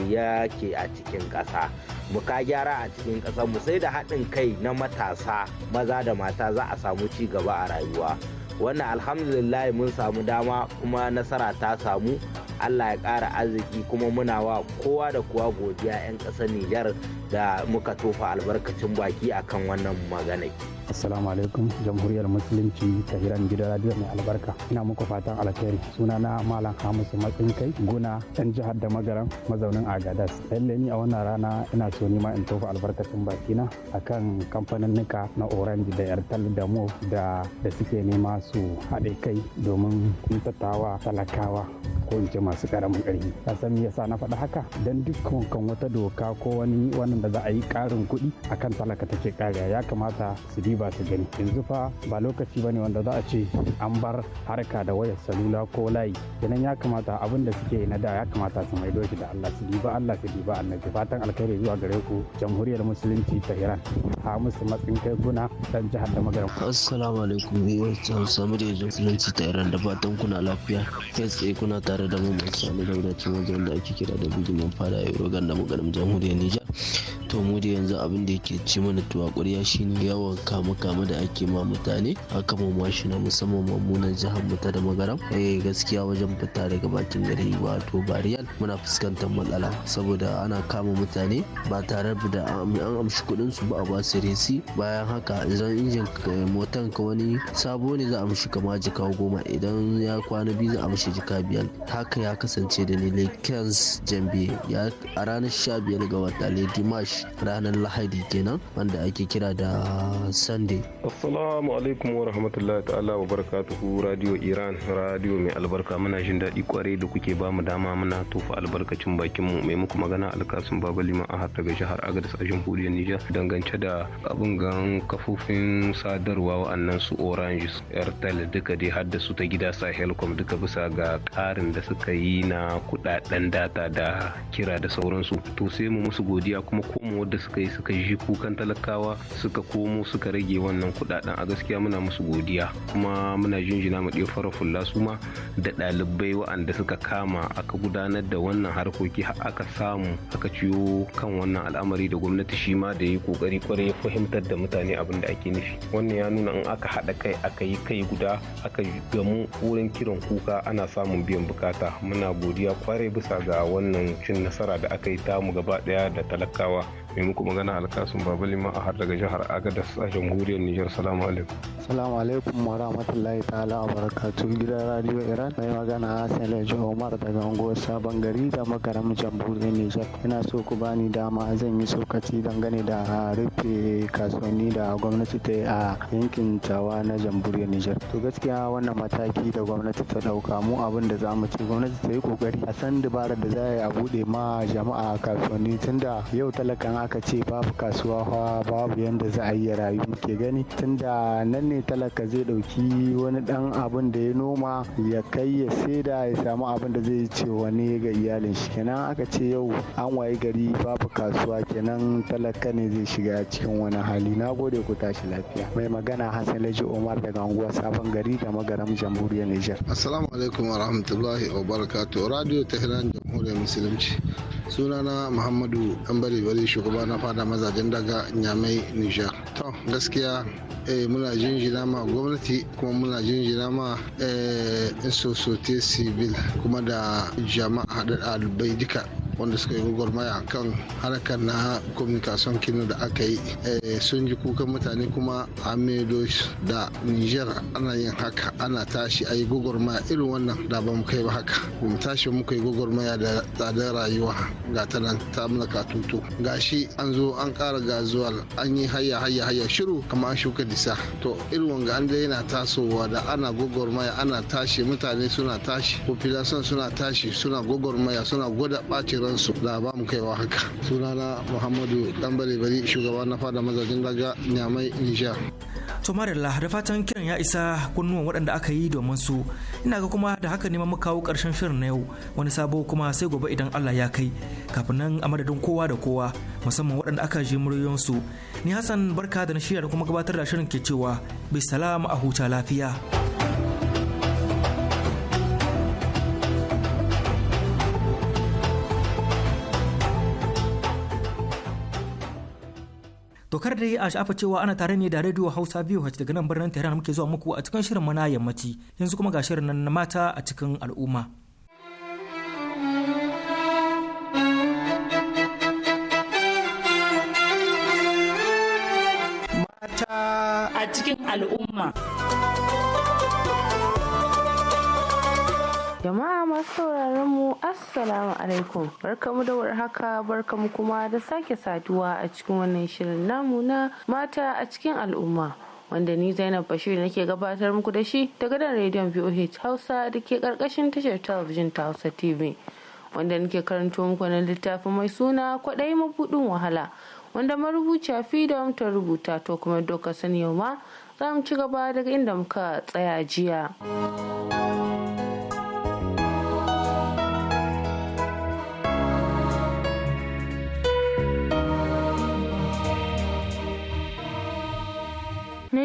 Speaker 2: ya eh, ke a cikin ƙasa mu ka gyara a cikin ƙasar mu sai da haɗin kai na matasa maza da mata za a samu ci gaba a rayuwa wannan alhamdulillah mun samu dama kuma nasara ta samu allah ya ƙara arziki kuma muna wa kowa da kowa godiya 'yan ƙasar nijar da muka tofa albarkacin baki akan wannan magana. assalamu alaikum jamhuriyar musulunci ta hiran gidan radio mai albarka ina muku fatan alkhairi sunana malam hamisu matsin kai guna yan jihar da magaran mazaunin agadas lalle
Speaker 3: ni a wannan rana ina so nima in tofa albarkacin bakina akan kamfanin nika na
Speaker 2: orange da airtel da mo da da suke nema su haɗe kai domin kuntatawa talakawa ko in ce masu ƙaramin ƙarfi a san me yasa na faɗa haka dan dukkan kan wata doka ko wani wannan da za a yi ƙarin kuɗi akan talaka take ƙariya ya kamata su diba su gani yanzu fa ba lokaci ba ne wanda za a ce an bar harka da wayar salula ko layi kenan ya kamata abin da suke na da ya kamata su maido shi da Allah su diba Allah su diba annabi fatan alkhairi zuwa gare ku jamhuriyar musulunci ta Iran ha musu matsin kai guna
Speaker 4: dan jihar da magana assalamu alaikum eh, da yanzu Musulunci ta Iran da fatan kuna lafiya. Kai tsaye kuna tare da mu mai sami da wajen wanda ake kira da bijimin fada a Eurogan da magarin jamhuriyar Nijar. To mu da yanzu abin da yake ci mana tuwa ƙwarya shine yawan kama-kama da ake ma mutane a mu mashi na musamman mamunan jihar mu ta da magaram. Eh gaskiya wajen fita daga bakin gari wato bariyal muna fuskantar matsala saboda ana kama mutane ba tare da an amshi kuɗin su ba a basu resi bayan haka idan injin eh, motan ka wani sabo ne za a mishi kama jika goma idan ya kwana biyu za a mishi jika biyar haka ya kasance da nile lakers jambi a ranar sha biyar ga wata lady march ranar lahadi kenan wanda ake kira da sunday
Speaker 8: assalamu alaikum wa rahmatullahi ta'ala wa barakatuhu radio iran radio mai albarka muna jin daɗi kwarai da kuke ba mu dama muna tofa albarkacin bakin mu mai muku magana alkasun baba liman a har daga jihar agadis a jamhuriyar nijar dangance da abin gan kafofin sadarwa wa'annan su orange. airtel duka dai har da su ta gida sahelcom duka bisa ga ƙarin da suka yi na kudaden data da kira da sauransu to sai mu musu godiya kuma komo wadda suka yi suka ji kukan talakawa suka komo suka rage wannan kudaden a gaskiya muna musu godiya kuma muna jinjina mu ɗaya fara fulla su ma da ɗalibai waɗanda suka kama aka gudanar da wannan harkoki har aka samu aka ciyo kan wannan al'amari da gwamnati shi ma da yi kokari kwarai ya fahimtar da mutane abin da ake nufi wannan ya nuna in aka haɗa kai aka yi kai bangare guda aka gamu wurin kiran kuka ana samun biyan bukata muna godiya kwarai bisa ga wannan cin nasara da aka yi tamu gaba daya da talakawa mai muku magana alkasun babalima a har daga jihar agadas a jamhuriyar nijar salamu alaikum
Speaker 10: salamu alaikum wa rahmatullahi ta'ala wa barakatu gidan radio iran mai magana hassan lajo omar daga unguwar sabon gari da makaram jamhuriyar nijar ina so ku bani dama zan yi sokaci dangane da rufe kasuwanni da gwamnati ta yi a yankin tawa na jamhuriyar nijar to gaskiya wannan mataki da gwamnati ta ɗauka mu abin da za mu ce gwamnati ta yi kokari a san dabarar da za a yi a bude ma jama'a kasuwanni tunda yau talakan aka ce babu kasuwa fa babu yadda za a yi rayu muke gani tunda nan ne talaka zai ɗauki wani dan abin da ya noma ya kai ya saida ya samu abin da zai ce wani ga iyalin shi kenan aka ce yau an wayi gari babu kasuwa kenan talaka ne zai shiga cikin wani hali na gode ku tashi lafiya mai magana hassan laji omar daga unguwar sabon gari da magaram jamhuriyar niger assalamu alaikum wa rahmatullahi wa barakatuh radio tehran jamhuriyar musulunci sunana muhammadu an bari bari kuma na fada mazajen daga nyamai nijar to gaskiya eh, muna jinjina ma gwamnati kuma muna jinjina ma eh, sosote civil kuma da jama'a haɗar albai duka wanda suka yi gwagwarmaya kan harkar na communication kinu da aka yi eh, sun ji kukan mutane kuma a da niger ana yin haka ana tashi a yi gwagwarmaya irin wannan da ba mu kai ba haka mu tashi muka yi gwagwarmaya da tsadar rayuwa ga ta nan ta mulka tuto gashi an zo an ƙara gazuwal an yi hayya hayya hayya shiru kamar an shuka disa to irin wanga an dai yana tasowa da ana gwagwarmaya ana tashi mutane suna tashi population suna tashi suna gwagwarmaya suna gwada ɓacin sauransu da mu kaiwa haka sunana muhammadu dan bari shugaba na fada mazajin daga nyamai nijar
Speaker 1: to marilla da fatan kiran ya isa kunnuwan waɗanda aka yi domin su ina ga kuma da haka neman muka kawo ƙarshen shirin na yau wani sabo kuma sai gobe idan allah ya kai kafin nan a madadin kowa da kowa musamman waɗanda aka ji muryoyinsu ni hassan barka da na shirya da kuma gabatar da shirin ke cewa bai salama a huta lafiya. kar da a shafa cewa ana tare ne da radio hausa biyu daga nan birnin tehran muke zuwa muku a cikin shirin mana yammaci yanzu kuma ga shirin na mata a cikin al'umma
Speaker 6: mata a cikin al'umma Jama'a masu sauraron mu Assalamu alaikum. Barkamu da warhaka, barkamu kuma da sake saduwa a cikin wannan shirin namu na mata a cikin al'umma. wanda ni Zainab Bashir nake gabatar muku da shi ta gadon rediyon VOH Hausa da ke karkashin tashar talabijin ta Hausa TV. Wanda nake karanto muku na littafin mai suna kwaɗayi mabuɗin wahala wanda marubuciya da ta rubuta to kuma doka sani yau ma za mu ci gaba daga inda muka tsaya jiya.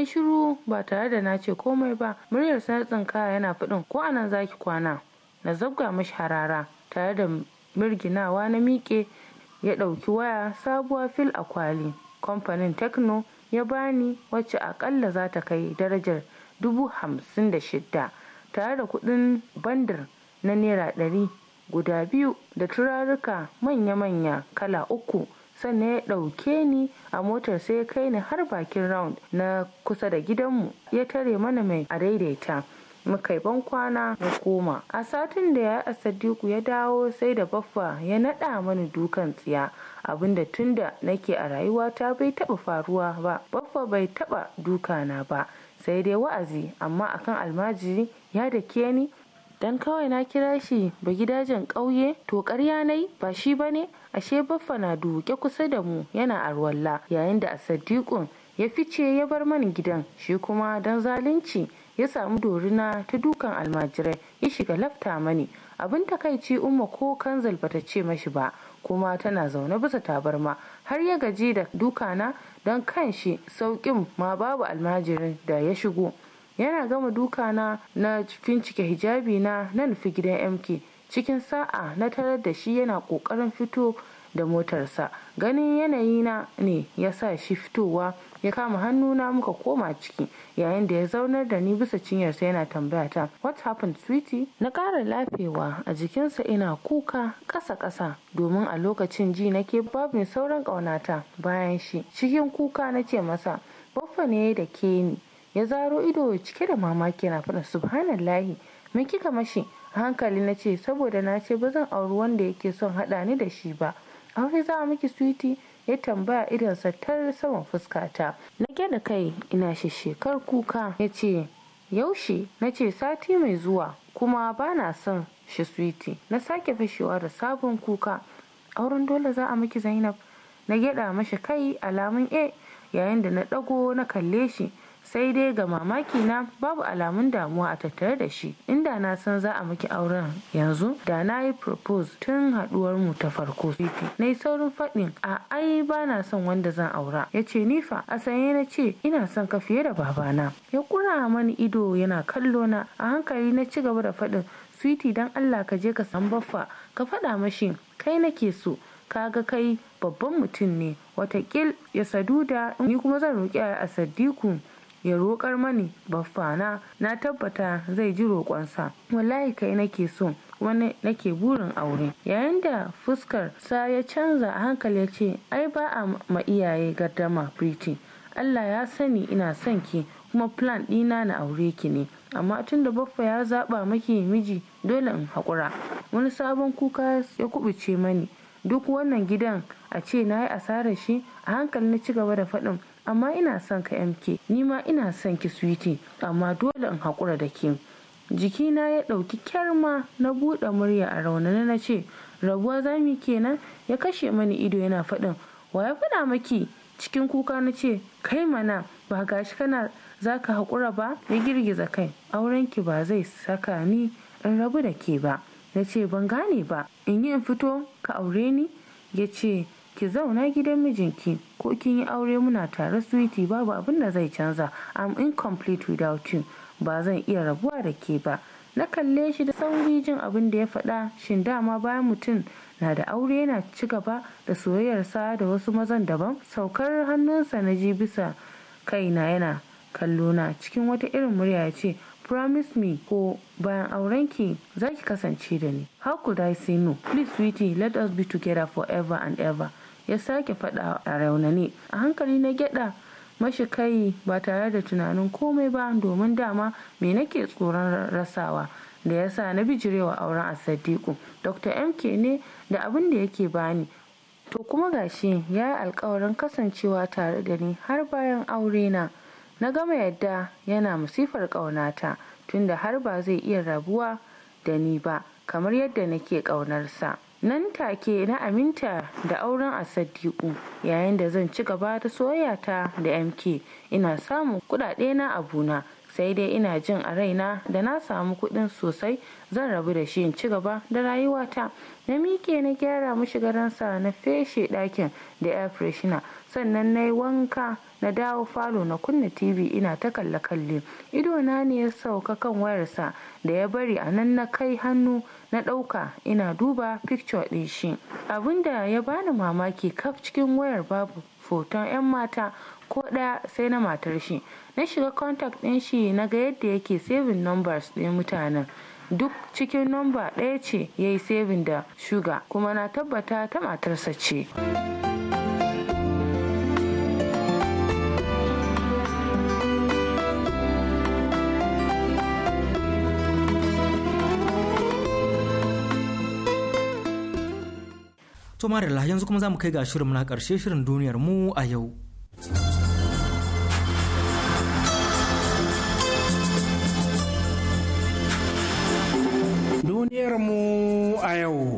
Speaker 6: shiru ba tare da na ce komai ba muryar sa tsinkaya yana faɗin ko anan zaki kwana na zabga mashi harara tare da mirginawa na miƙe ya ɗauki waya sabuwa fil a kwali kamfanin tekno ya bani wacce aƙalla za ta kai darajar dubu hamsin da shidda tare da kuɗin bandar na naira ɗari guda biyu da turaruka manya-manya kala uku sannan ya ɗauke ni a motar sai ya kai ni har bakin round na kusa da gidanmu ya tare mana mai a daidaita muka ban kwana na koma a satin da ya sadiku ya dawo sai da baffa ya naɗa mani dukan tsiya abinda tunda nake a rayuwata bai taɓa faruwa ba baffa bai taɓa duka na ba sai dai wa'azi amma akan almajiri ya da ni dan kawai na kira shi ba gidajen ƙauye to ƙarya nai ba shi bane ashe baffa na duke kusa da mu yana arwalla yayin da asaddiƙun ya fice ya bar mani gidan shi kuma dan zalunci ya samu dorina ta dukan almajirai ya shiga lafta mani abin takaici umma ko kanzal bata ce mashi ba kuma tana zaune bisa tabarma har ya gaji da dukana don kan shi sauƙin ma babu almajirin da ya shigo yana gama duka na na fincike hijabi na na nufi gidan mk cikin sa'a na tarar da shi yana kokarin fito da motarsa ganin yanayi na ne ya sa shi fitowa ya kama hannuna muka koma ciki yayin da ya zaunar da ni bisa cinyarsa yana tambaya ta what happened sweetie na ƙara lafewa a jikinsa ina kuka ƙasa-ƙasa domin a lokacin ji nake babu sauran ƙaunata bayan shi cikin kuka na masa baffa ne da ke ni ya zaro ido cike da mamaki na faɗin subhanallahi me kika mashi hankali na ce saboda na ce ba zan auri wanda yake son haɗa ni da shi ba aure za miki suiti ya tambaya idonsa tar saman fuskata na gyada kai ina shi shekar kuka ya ce yaushe na ce sati mai zuwa kuma ba na son shi suiti na sake fashewa da sabon kuka auren dole za a miki zainab na gyada mashi kai alamun A, eh, yayin da na ɗago na kalle shi sai dai ga mamaki na babu alamun damuwa a tattare da shi inda na san za a miki auren yanzu da na yi propose tun haduwar mu ta farko fiti na yi saurin faɗin a ai ba na son wanda zan aura ya ce ni fa a sanye na ce ina son ka fiye da babana ya kura mani ido yana kallo na a hankali na ci gaba da faɗin sweetie dan allah ka je ka san baffa ka faɗa mashi kai nake so Ka ga kai babban mutum ne watakil ya saduda ni kuma zan roƙi a sadiku ya roƙar mani baffana na tabbata zai ji roƙonsa wallahi kai nake so wani nake burin aure yayin da fuskar sa ya canza a hankali ya ce ai ba a ma iyaye gardama priti allah ya sani ina son ki kuma plan dina na aure ki ne amma tun da baffa ya zaɓa maki miji dole in haƙura wani sabon kuka ya kubuce mani duk wannan gidan a ce na yi asarar shi a hankali na ci gaba da faɗin amma ina son ka mk ni ma ina son ki sweetie amma dole in haƙura da ke jikina ya ɗauki kyarma na buɗe murya a raunana na ce rabuwa zami kenan ya kashe mani ido yana faɗin wa ya faɗa maki cikin kuka na ce kai mana ba gashi kana za ka haƙura ba ya girgiza kai auren ki ba zai saka ni in rabu da ke ba na ce ban gane ba in yi in fito ka aure ni ya ce ki zauna gidan mijinki ko kin yi aure muna tare suiti? babu abin da zai canza am incomplete without you ba zan iya rabuwa da ke ba na kalle shi da sauri jin abin da ya faɗa shin dama bayan mutum na da aure yana ci gaba da soyayyarsa da wasu mazan daban saukar hannunsa na ji bisa kai na yana kallona cikin wata irin murya ya ce promise me ko bayan aurenki za ki kasance da ni how could i say no please sweetie let us be together forever and ever ya sake faɗa a raunane a hankali na gyada mashi kai ba tare da tunanin komai ba domin dama me nake tsoron rasawa da ya sa na bijirewa auren a asadiku dr mk ne da abin da yake bani to kuma gashi ya yi alkawarin kasancewa tare da ni har bayan aure na na gama yadda yana musifar ƙaunata tunda har ba zai iya rabuwa da ni ba kamar yadda nake ƙaunarsa nan take na aminta da auren a sadiku yayin da zan ci gaba da soyata da mk ina samun kudade na abuna sai dai ina jin a raina da na samu kuɗin sosai zan rabu da shi in ci gaba da rayuwata na miƙe na gyara mashi mashigaransa na feshe ɗakin da air freshener sannan na yi wanka na dawo falo na kunna tv ina ta kalle kalle idona ne ya sauka kan wayarsa da ya bari a nan na kai hannu na ɗauka ina duba picture ɗin shi abinda ya bani mamaki kaf cikin wayar babu foton 'yan mata ko ɗaya sai na matar shi na shiga contact ɗin shi na ga yadda yake saving numbers ɗin mutanen duk cikin namba ɗaya ce ya yi saving da shuga kuma na tabbata ta matarsa ce.
Speaker 1: To yanzu kuma za mu kai ga shirin na ƙarshe shirin duniyar mu a yau.
Speaker 5: mu a yau.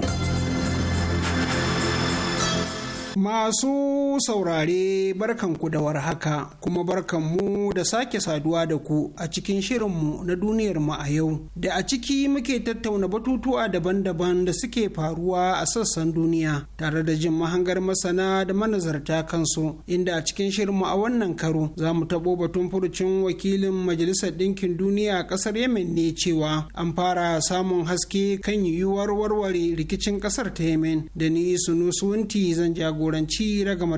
Speaker 5: Masu masu saurare barkanku da warhaka kuma barkanmu da sake saduwa da ku a cikin shirinmu na duniyarmu a yau da a ciki muke tattauna batutuwa daban-daban da suke faruwa a sassan duniya tare da jin mahangar masana da manazarta kansu inda a cikin shirinmu a wannan karo za mu taɓo batun furucin wakilin majalisar ɗinkin duniya a ƙasar yemen ne cewa an fara samun haske kan yiwuwar warware rikicin ƙasar ta yemen da ni sunusunti zan jagoranci ragamar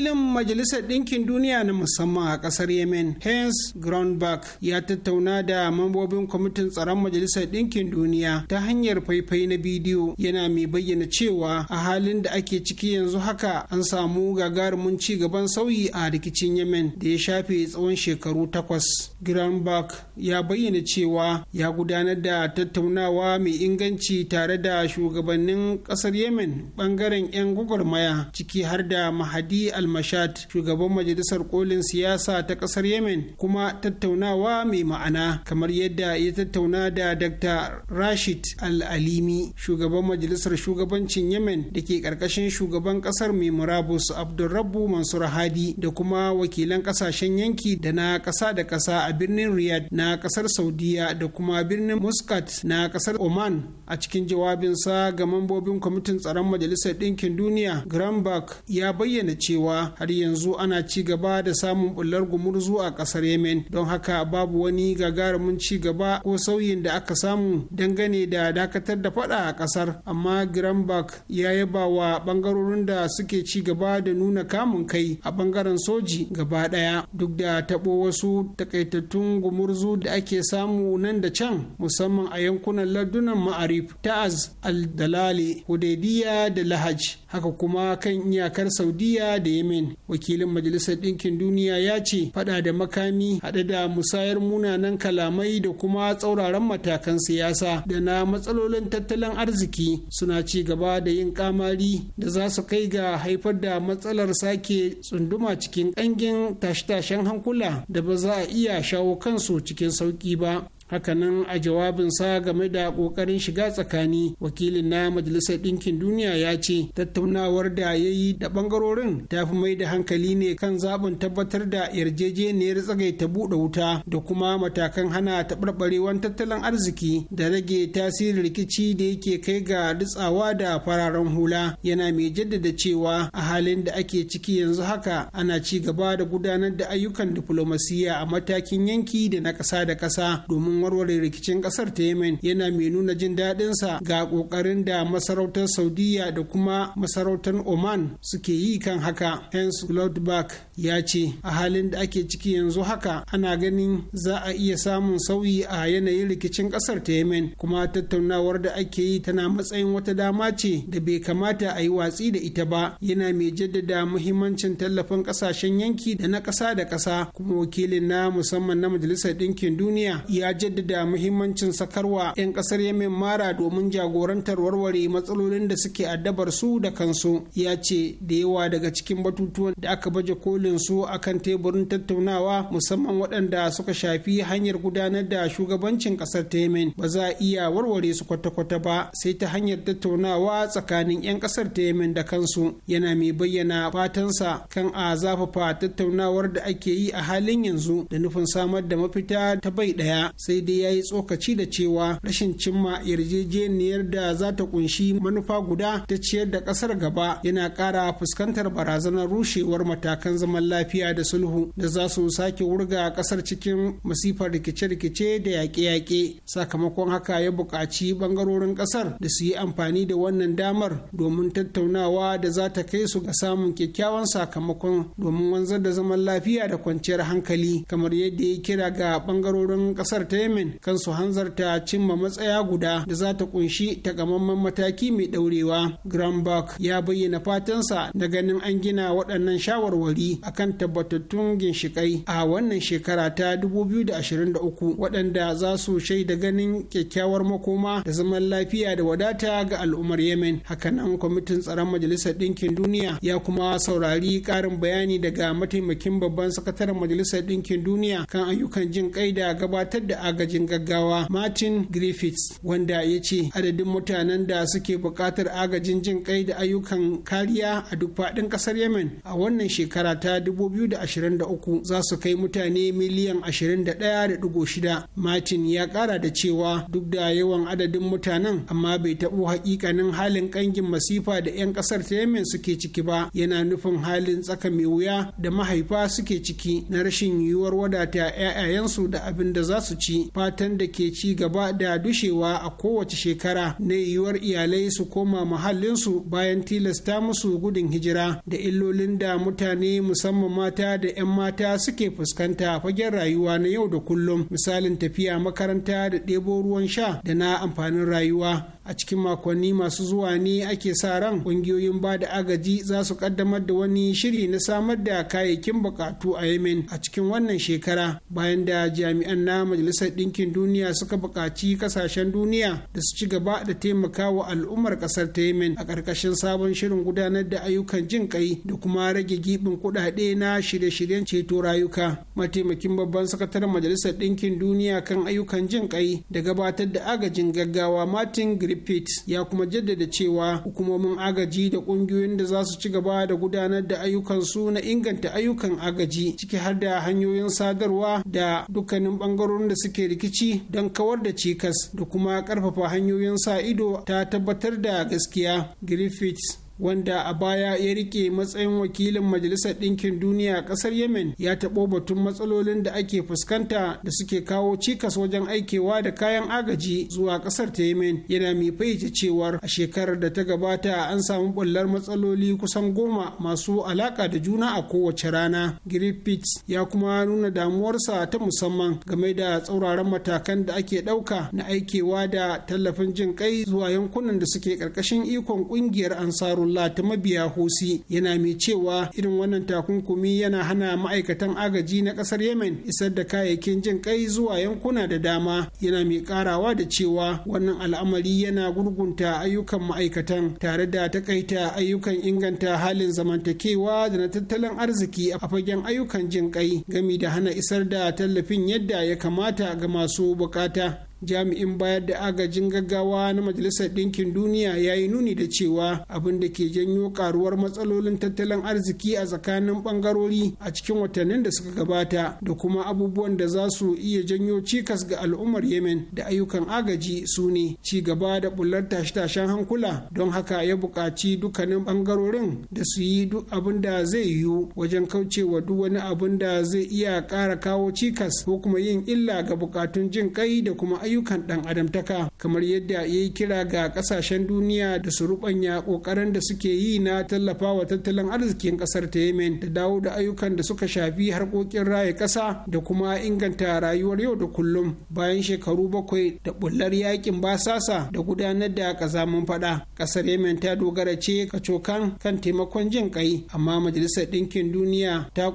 Speaker 5: wakilin majalisar ɗinkin duniya na musamman a ƙasar yemen hans grunberg ya tattauna da mambobin kwamitin tsaron majalisar ɗinkin duniya ta hanyar faifai na bidiyo yana mai bayyana cewa a halin da ake ciki yanzu haka an samu gagarumin ci gaban sauyi a rikicin yemen da ya shafe tsawon shekaru takwas grunberg ya bayyana cewa ya gudanar da tattaunawa mai inganci tare da shugabannin ƙasar yemen ɓangaren 'yan gwagwarmaya ciki har da mahadi almasi mashat shugaban majalisar kolin siyasa ta kasar yemen kuma tattaunawa mai ma'ana kamar yadda ya tattauna da dr rashid al-alimi shugaban majalisar shugabancin yemen da ke karkashin shugaban kasar mai murabus abdulrabu mansur hadi da kuma wakilan kasashen yanki da na kasa da kasa a birnin riyadh na kasar saudiya da kuma birnin muscat na kasar oman a cikin jawabinsa ga mambobin kwamitin tsaron majalisar ɗinkin duniya grambach ya bayyana cewa har yanzu ana ci gaba da samun bullar gumurzu a kasar yemen don haka babu wani gagarumin ci gaba ko sauyin da aka samu dangane da dakatar da fada a kasar amma grambach ya yaba wa bangarorin da suke ci gaba da nuna kamun kai a bangaren soji gaba daya duk da tabo wasu takaitattun gumurzu da ake samu nan da can musamman a yankunan ladunan ma'arif ta'az al-dalali hudaydiya da lahaj haka kuma kan iyakar saudiya da yemen wakilin majalisar ɗinkin duniya ya ce fada da makami haɗe da musayar munanan kalamai da kuma tsauraran matakan siyasa da na matsalolin tattalin arziki suna ci gaba da yin kamari da za su kai ga haifar da matsalar sake tsunduma cikin ƙangin tashe-tashen hankula da ba za a iya shawo kansu cikin sauƙi ba hakanan a jawabinsa game da kokarin shiga tsakani wakilin na majalisar ɗinkin duniya ya ce tattaunawar da ya yi da ɓangarorin ta fi mai da hankali ne kan zaɓin tabbatar da yarjejeniyar tsagaita buɗe wuta da kuma matakan hana taɓarɓarewar tattalin arziki da rage tasirin rikici da yake kai ga ritsawa da fararen hula yana mai jaddada cewa a halin da ake ciki yanzu haka ana ci gaba da gudanar da ayyukan diflomasiyya a matakin yanki da na ƙasa da ƙasa domin warware rikicin kasar ta yemen yana mai nuna jin daɗinsa ga ƙoƙarin da masarautar saudiya da kuma masarautar oman suke yi kan haka hans lodberg ya ce a halin da ake ciki yanzu haka ana ganin za a iya samun sauyi a yanayin rikicin kasar ta yemen kuma tattaunawar da ake yi tana matsayin wata dama ce da bai kamata a yi watsi da ita ba yana mai jaddada muhimmancin tallafin kasashen yanki da na ƙasa da ƙasa kuma wakilin na musamman na majalisar ɗinkin duniya ya yadda da muhimmancin sakarwa 'yan kasar yemen mara domin jagorantar warware matsalolin da suke addabar su da kansu ya ce da yawa daga cikin batutuwan da aka baje kolin su akan teburin tattaunawa musamman waɗanda suka shafi hanyar gudanar da shugabancin kasar ta yemen ba za a iya warware su kwata-kwata ba sai ta hanyar tattaunawa tsakanin 'yan kasar ta yemen da kansu yana mai bayyana fatansa kan a zafafa tattaunawar da ake yi a halin yanzu da nufin samar da mafita ta bai ɗaya sai daidai ya yi tsokaci da cewa rashin cimma yarjejeniyar da za ta kunshi manufa guda ta ciyar da kasar gaba yana kara fuskantar barazanar rushewar matakan zaman lafiya da sulhu da za su sake wurga kasar cikin masifar rikice-rikice da yaƙe-yaƙe sakamakon haka ya buƙaci bangarorin ƙasar da su yi amfani da wannan damar domin tattaunawa da za ta kai su ga samun kyakkyawan sakamakon domin wanzar da zaman lafiya da kwanciyar hankali kamar yadda ya kira ga bangarorin kasar ta yemen kan su hanzarta cimma matsaya guda da za ta kunshi takamaiman mataki mai daurewa grambach ya bayyana fatansa na ganin an gina waɗannan shawarwari akan tabbatattun ginshikai a wannan shekara ta 2023 waɗanda za su shaida ganin kyakkyawar makoma da zaman lafiya da wadata ga al'ummar yemen hakanan kwamitin tsaron majalisar ɗinkin duniya ya kuma saurari ƙarin bayani daga mataimakin babban sakataren majalisar ɗinkin duniya kan ayyukan jin kai da gabatar da aga agajin gaggawa martin griffiths wanda ya ce adadin mutanen da suke buƙatar agajin jin kai da ayyukan kariya a duk faɗin ƙasar yemen a wannan shekara ta 2023 za su kai mutane miliyan 21.6 martin ya ƙara da cewa duk da yawan adadin mutanen amma bai taɓo hakikanin halin ƙangin masifa da 'yan ƙasar ta yemen suke ciki ba yana nufin halin tsaka mai wuya da mahaifa suke ciki na rashin yiwuwar wadata 'ya'yayensu da abin da za su ci fatan da ke ci gaba da dushewa a kowace shekara na yiwuwar iyalai su koma muhallinsu bayan tilasta musu gudun hijira da illolin da mutane musamman mata da 'yan mata suke fuskanta fagen rayuwa na yau da kullum misalin tafiya makaranta da ɗebo ruwan sha da na amfanin rayuwa a cikin makonni masu zuwa ne ake sa ran ƙungiyoyin ba da agaji za su kaddamar da wani shiri na samar da kayayyakin bukatu a yemen a cikin wannan shekara bayan da jami'an na majalisar ɗinkin duniya suka buƙaci kasashen duniya da su ci gaba da taimaka wa al'ummar ƙasar ta yemen a ƙarƙashin sabon shirin gudanar da ayyukan jin kai da kuma rage gibin kuɗaɗe na shirye-shiryen ceto rayuka mataimakin babban sakataren majalisar ɗinkin duniya kan ayyukan jin kai da gabatar da agajin gaggawa martin grip Pitt ya kuma jaddada cewa hukumomin agaji da kungiyoyin da za su ci gaba da gudanar da ayyukansu na inganta ayyukan agaji ciki har da hanyoyin sadarwa da dukkanin bangarorin da suke rikici don kawar da cikas da kuma karfafa hanyoyin sa ido ta tabbatar da gaskiya griffiths wanda a baya ya rike matsayin wakilin majalisar ɗinkin duniya a ƙasar yemen ya taɓo batun matsalolin da ake fuskanta da suke kawo cikas wajen aikewa da kayan agaji zuwa ƙasar ta yemen yana mai fayyace cewar a shekarar da ta gabata an samu ɓullar matsaloli kusan goma masu alaƙa da juna a kowace rana griffiths ya kuma nuna damuwarsa ta musamman game da tsauraran matakan da ake ɗauka na aikewa da tallafin jin kai zuwa yankunan da suke ƙarƙashin ikon ƙungiyar ansaru Abdullah ta mabiya hosi yana mai cewa irin wannan takunkumi yana hana ma'aikatan agaji na ƙasar yemen isar da kayayyakin jin kai zuwa yankuna da dama yana mai karawa da cewa wannan al'amari yana gurgunta ayyukan ma'aikatan tare da takaita ayyukan inganta halin zamantakewa da na tattalin arziki a fagen ayyukan jin kai gami da hana isar da tallafin yadda ya kamata ga masu bukata jami'in bayar da agajin gaggawa na majalisar ɗinkin duniya ya yi nuni da cewa abin da ke janyo karuwar matsalolin tattalin arziki a tsakanin bangarori a cikin watannin da suka gabata da kuma abubuwan da za su iya janyo cikas ga al'ummar yemen da ayyukan agaji su ne ci gaba da bullar tashe-tashen hankula don haka ya buƙaci dukkanin bangarorin da su yi duk abin da zai yiwu wajen kaucewa duk wani abin da zai iya kara kawo cikas ko kuma yin illa ga bukatun jin kai da kuma ayyukan ɗan adamtaka kamar yadda ya yi kira ga ƙasashen duniya da su rubanya ƙoƙarin da suke yi na tallafawa tattalin arzikin ƙasar ta yemen da dawo da ayyukan da suka shafi harkokin raye ƙasa da kuma inganta rayuwar yau da kullum bayan shekaru bakwai da bullar yakin basasa da gudanar da ƙazamin faɗa ƙasar yemen ta dogara ce ka cokan kan taimakon jin ƙai amma majalisar ɗinkin duniya ta a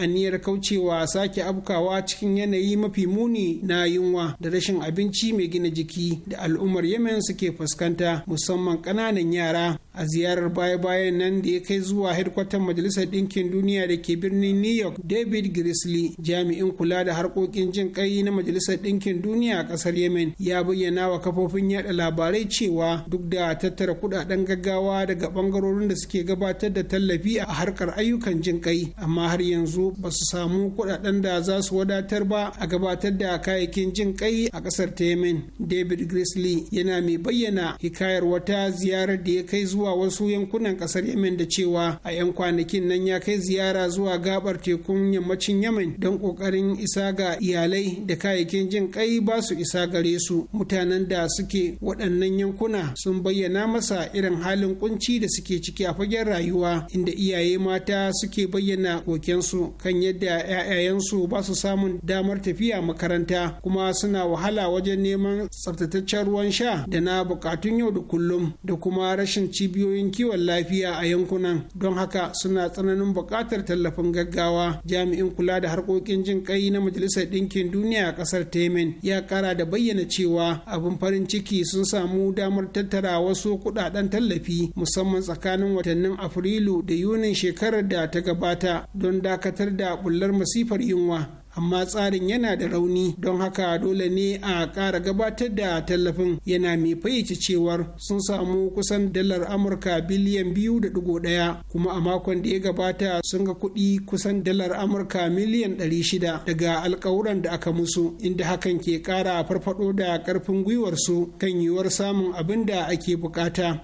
Speaker 5: aniyar kaucewa sake afkawa cikin yanayi mafi muni na yunwa da rashin abinci abinci mai gina jiki da al'ummar yemen suke fuskanta musamman ƙananan yara a ziyarar baya-bayan nan da ya kai zuwa hedkwatar majalisar ɗinkin duniya da ke birnin new york david grizzly jami'in kula da harkokin jin kai na majalisar ɗinkin duniya a ƙasar yemen ya bayyana wa kafofin yada labarai cewa duk da tattara kudaden gaggawa daga bangarorin da suke gabatar da tallafi a harkar ayyukan jin kai amma har yanzu ba su samu kudaden da za su wadatar ba a gabatar da kayayyakin jin kai a ƙasar kasar ta yemen david grizzly yana mai bayyana hikayar wata ziyarar da ya kai zuwa wasu yankunan kasar yemen da cewa a 'yan kwanakin nan ya kai ziyara zuwa gabar tekun yammacin yemen don kokarin isa ga iyalai da kayayyakin jin kai ba su isa gare su mutanen da suke waɗannan yankuna sun bayyana masa irin halin kunci da suke ciki a fagen rayuwa inda iyaye mata suke bayyana kokensu kan yadda 'ya'yayensu ba su samun damar tafiya makaranta kuma suna wahala wajen neman tsaftataccen ruwan sha da na bukatun yau da kullum da kuma rashin cibiyoyin kiwon lafiya a yankunan don haka suna tsananin bukatar tallafin gaggawa jami'in kula da harkokin jin kai na majalisar ɗinkin duniya a ƙasar temen ya kara da bayyana cewa abin farin ciki sun samu damar tattara wasu kuɗaɗen tallafi musamman tsakanin watannin afrilu da yunin shekarar da ta gabata don dakatar da bullar masifar yunwa amma tsarin yana da rauni don haka dole ne a ƙara gabatar da tallafin yana mai fayyace cewar sun samu kusan dalar amurka biliyan biyu da dugo ɗaya kuma a makon da ya gabata sun ga kuɗi kusan dalar amurka miliyan ɗari shida daga alkawuran da aka musu inda hakan ke ƙara farfaɗo da ƙarfin gwiwarsu kan yiwuwar samun abin da ake buƙata.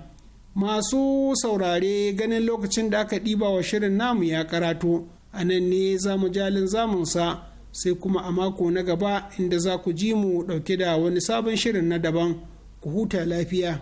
Speaker 5: masu saurare ganin lokacin da aka ɗiba wa shirin namu ya karatu a nan ne zamu jalin zamunsa sai kuma a mako na gaba inda za ku ji mu ɗauke da wani sabon shirin na daban ku huta lafiya.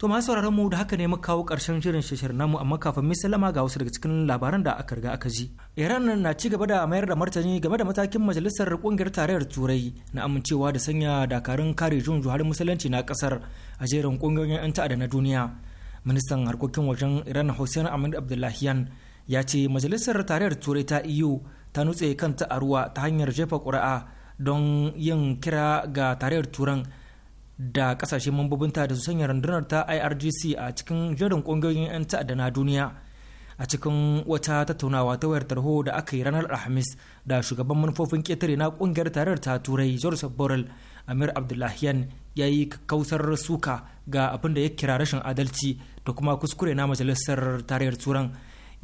Speaker 1: To masu sauraron mu da haka ne muka kawo ƙarshen shirin shirin mu amma kafin mu sallama ga wasu daga cikin labaran da aka riga aka ji. Iran na ci gaba da mayar da martani game da matakin majalisar kungiyar tarayyar Turai na amincewa da sanya dakarun kare jun juharin musulunci na kasar a jerin kungiyoyin 'yan ta'adda na duniya. Ministan harkokin wajen Iran Hussein Ahmed Abdullahian ya ce majalisar tarayyar turai ta iyo e ta nutse kanta a ruwa ta hanyar jefa ƙuri'a don yin kira ga tarayyar turan da kasashe mambobinta da su sanya rundunar ta irgc a cikin jerin ƙungiyoyin 'yan ta'adda na duniya a cikin wata tattaunawa ta wayar tarho da aka yi ranar alhamis da shugaban manufofin ketare na ƙungiyar tarayyar ta turai joseph borrell amir abdullahian ya yi kausar suka ga abin da ya kira rashin adalci da kuma kuskure na majalisar tarayyar turan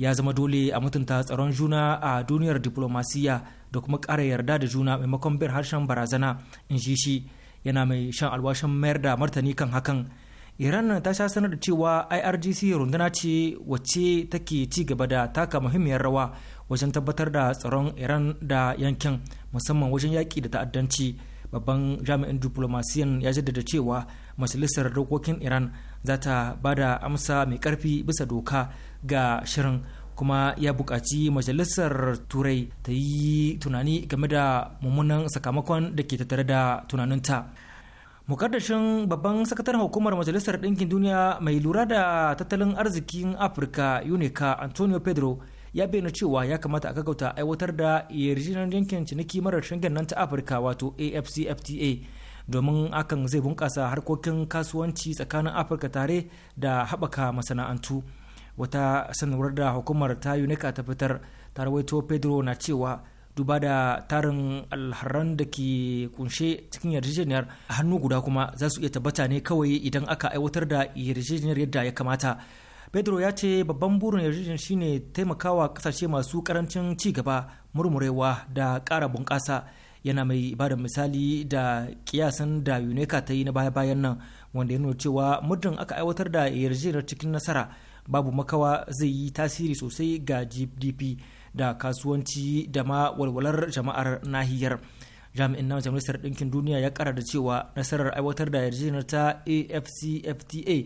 Speaker 1: ya zama dole a mutunta tsaron juna a duniyar diplomasiya da kuma ƙara yarda da juna maimakon bir harshen barazana in shi shi yana mai shan alwashin mayar da martani kan hakan iran ta sha sanar da cewa irgc runduna ce wacce take ci gaba da taka muhimmiyar rawa wajen tabbatar da tsaron iran da yankin musamman wajen yaƙi da ta'addanci babban jami'in diplomasiyan ya jaddada cewa majalisar dokokin iran za ta ba da amsa mai karfi bisa doka ga shirin kuma ya buƙaci majalisar turai ta yi tunani game da mummunan sakamakon da ke tattare da tunaninta mukaddashin babban sakataren hukumar majalisar ɗinkin duniya mai lura da tattalin arzikin afirka unica antonio pedro ya bayyana cewa ya kamata a gaggauta aiwatar da yarjejeniyar yankin ciniki marar shingen nan ta afirka wato afcfta domin hakan zai bunƙasa harkokin kasuwanci tsakanin afirka tare da haɓaka masana'antu wata sanarwar da hukumar ta unica e ta fitar ta rawaito pedro na cewa duba da tarin alharan da ke kunshe cikin yarjejeniyar a hannu guda kuma za su iya tabbata ne kawai idan aka aiwatar da yarjejeniyar yadda ya kamata pedro ya ce babban burin yarjejeniyar shine taimakawa kasashe masu karancin ci gaba murmurewa da kara bunƙasa yana mai bada misali da kiyasan da unica e ta yi na baya-bayan nan wanda ya nuna cewa muddin aka aiwatar da yarjejeniyar cikin nasara babu makawa zai yi tasiri sosai ga gdp da kasuwanci da ma walwalar jama'ar nahiyar jami'in na majalisar ɗinkin duniya ya kara da cewa nasarar aiwatar da yarjejeniyar ta afcfta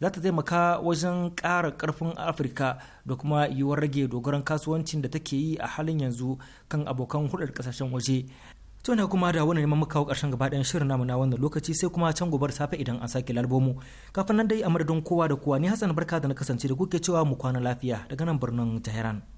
Speaker 1: za ta taimaka wajen ƙara ƙarfin afirka da kuma yiwuwar rage dogaron kasuwancin da take yi a halin yanzu kan abokan hulɗar ƙasashen waje to ne kuma da wani neman muka kawo ƙarshen gaba ɗayan shirin namu na wannan lokaci sai kuma can gobar safe idan an sake lalbomu kafin nan dai a madadin kowa da kowa ni Hassan barka da na kasance da kuke cewa mu kwana lafiya daga nan birnin Tehran